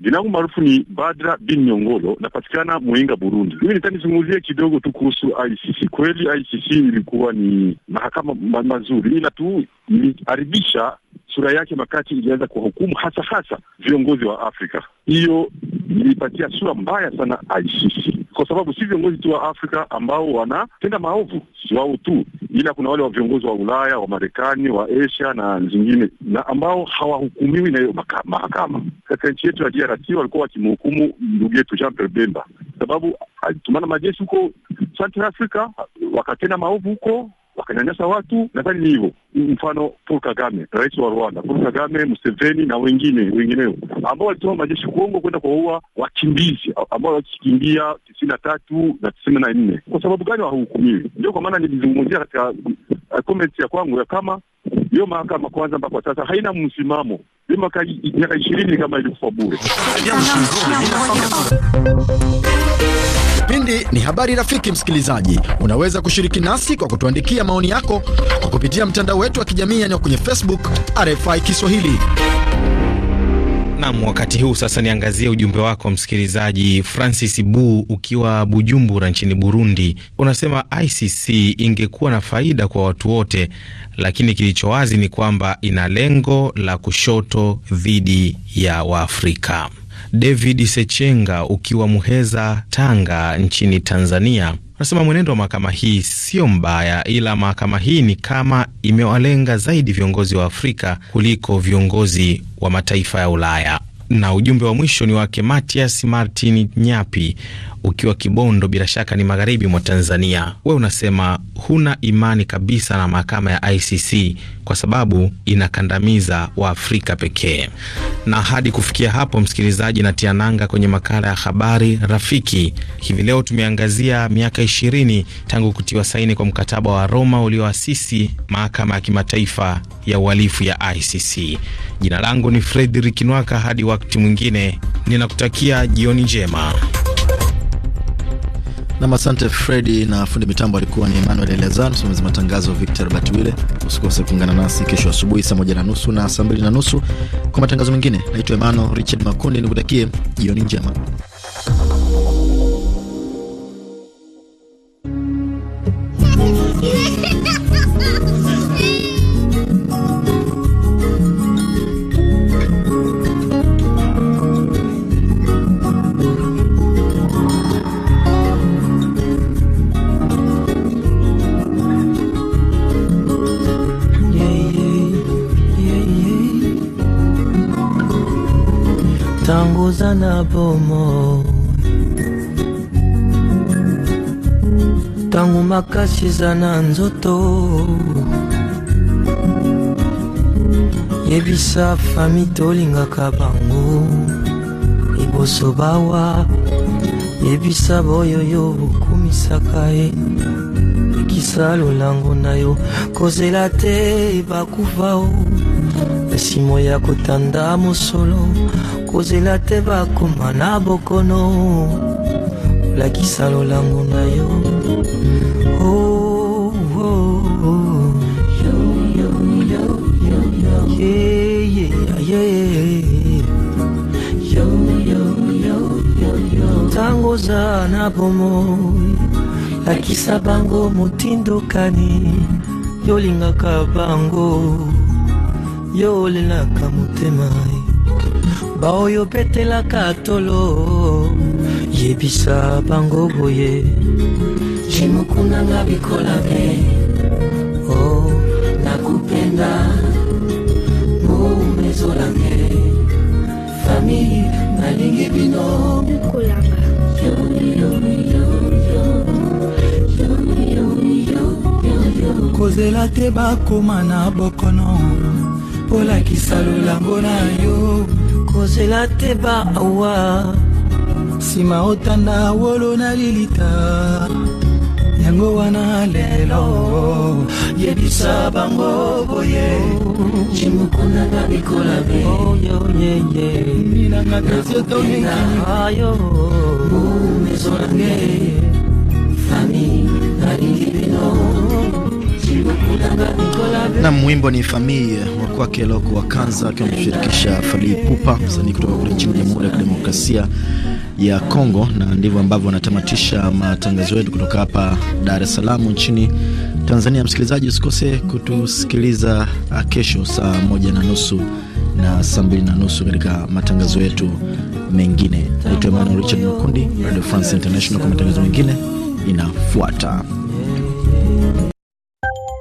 Jina langu maarufu ni Badra bin Nyongolo, napatikana Mwinga, Burundi. Mimi nitanizungumzia kidogo tu kuhusu ICC. Kweli ICC ilikuwa ni mahakama ma mazuri, ila tu iliharibisha sura yake makati ilianza kuwahukumu hasa hasa viongozi wa Afrika. Hiyo ilipatia sura mbaya sana ICC kwa sababu si viongozi tu wa Afrika ambao wanatenda maovu, si wao tu, ila kuna wale wa viongozi wa Ulaya, wa Marekani, wa Asia na zingine, na ambao hawahukumiwi na hiyo mahakama. Katika nchi yetu ya DRC walikuwa wakimhukumu ndugu yetu Jean Pierre Bemba sababu alitumana ah, majeshi huko Central Africa, wakatenda maovu huko wakanyanyasa watu. Nadhani ni hivyo, mfano Paul Kagame, rais wa Rwanda, Paul Kagame, Museveni na wengine wengineo ambao walitoa majeshi Kongo kwenda kuwaua wakimbizi ambao wakikimbia tisini na tatu na tisini na nne. Kwa sababu gani wahukumiwi Ndio kwa maana nilizungumzia katika uh, comment ya kwangu ya kama hiyo mahakama kwanza mpaka sasa haina msimamo. Hiyo miaka ishirini kama ilikufa bure. Kipindi ni habari rafiki. Msikilizaji, unaweza kushiriki nasi kwa kutuandikia maoni yako kwa kupitia mtandao wetu wa kijamii yani kwenye Facebook RFI Kiswahili. Nam, wakati huu sasa niangazie ujumbe wako msikilizaji Francis Bu ukiwa Bujumbura nchini Burundi. Unasema ICC ingekuwa na faida kwa watu wote, lakini kilicho wazi ni kwamba ina lengo la kushoto dhidi ya Waafrika. David Sechenga ukiwa Muheza, Tanga nchini Tanzania, anasema mwenendo wa mahakama hii sio mbaya, ila mahakama hii ni kama imewalenga zaidi viongozi wa Afrika kuliko viongozi wa mataifa ya Ulaya na ujumbe wa mwisho ni wake Matias Martin Nyapi, ukiwa Kibondo, bila shaka ni magharibi mwa Tanzania. We unasema huna imani kabisa na mahakama ya ICC kwa sababu inakandamiza Waafrika pekee. Na hadi kufikia hapo, msikilizaji, na tia nanga kwenye makala ya habari rafiki hivi leo. Tumeangazia miaka ishirini tangu kutiwa saini kwa mkataba wa Roma ulioasisi mahakama ya kimataifa ya uhalifu ya ICC. Jina langu ni Fredrik Nwaka hadi wa wakati mwingine. Ninakutakia jioni njema. Nam, asante Fredi. Na fundi mitambo alikuwa ni Emmanuel Elezar, msimamizi matangazo Victor Batwile. Usikose kuungana nasi kesho asubuhi saa moja na nusu na saa mbili na nusu kwa matangazo mengine. Naitwa Emmanuel Richard Makundi, nikutakie jioni njema. ntango oza na bomo ntango makasi eza na nzoto yebisa fami tolingaka bango liboso bawa yebisa boyoyo bokumisaka ye ekisa lolango na yo kozela te bakufa o nsimo ya kotanda mosolo kozela te bakoma na bokono olakisa lolango na yo oh, ntango oh, oh. oza na bomoi lakisa bango motindokani yolingaka bango yo olelaka motema baoyo opetelaka tolo yebisa bango boye jimokunanga bikola pe oh. nakupenda momezolange fami nalingi bino bikolanga kozela te bakoma na bokono polakisa lolango na yo kozela te baawa nsima otanda wolo na lilita yango wana lelo yebisa bango boye cimukunanga mikolabe minanga tesiotomekiayo mumezonange fami nalingi bino cimukunanga mikolabe na mwimbo ni famille kwake Loko wa Kanza akiwa amemshirikisha Fali pupa msanii kutoka kule nchini Jamhuri ya Kidemokrasia ya Kongo, na ndivyo ambavyo wanatamatisha matangazo yetu kutoka hapa Dar es Salaam nchini Tanzania. Msikilizaji, usikose kutusikiliza uh, kesho saa moja na nusu na saa mbili na nusu katika matangazo yetu mengine. Naitwa Emmanuel Richard Makundi, Radio France International. Kwa matangazo mengine inafuata.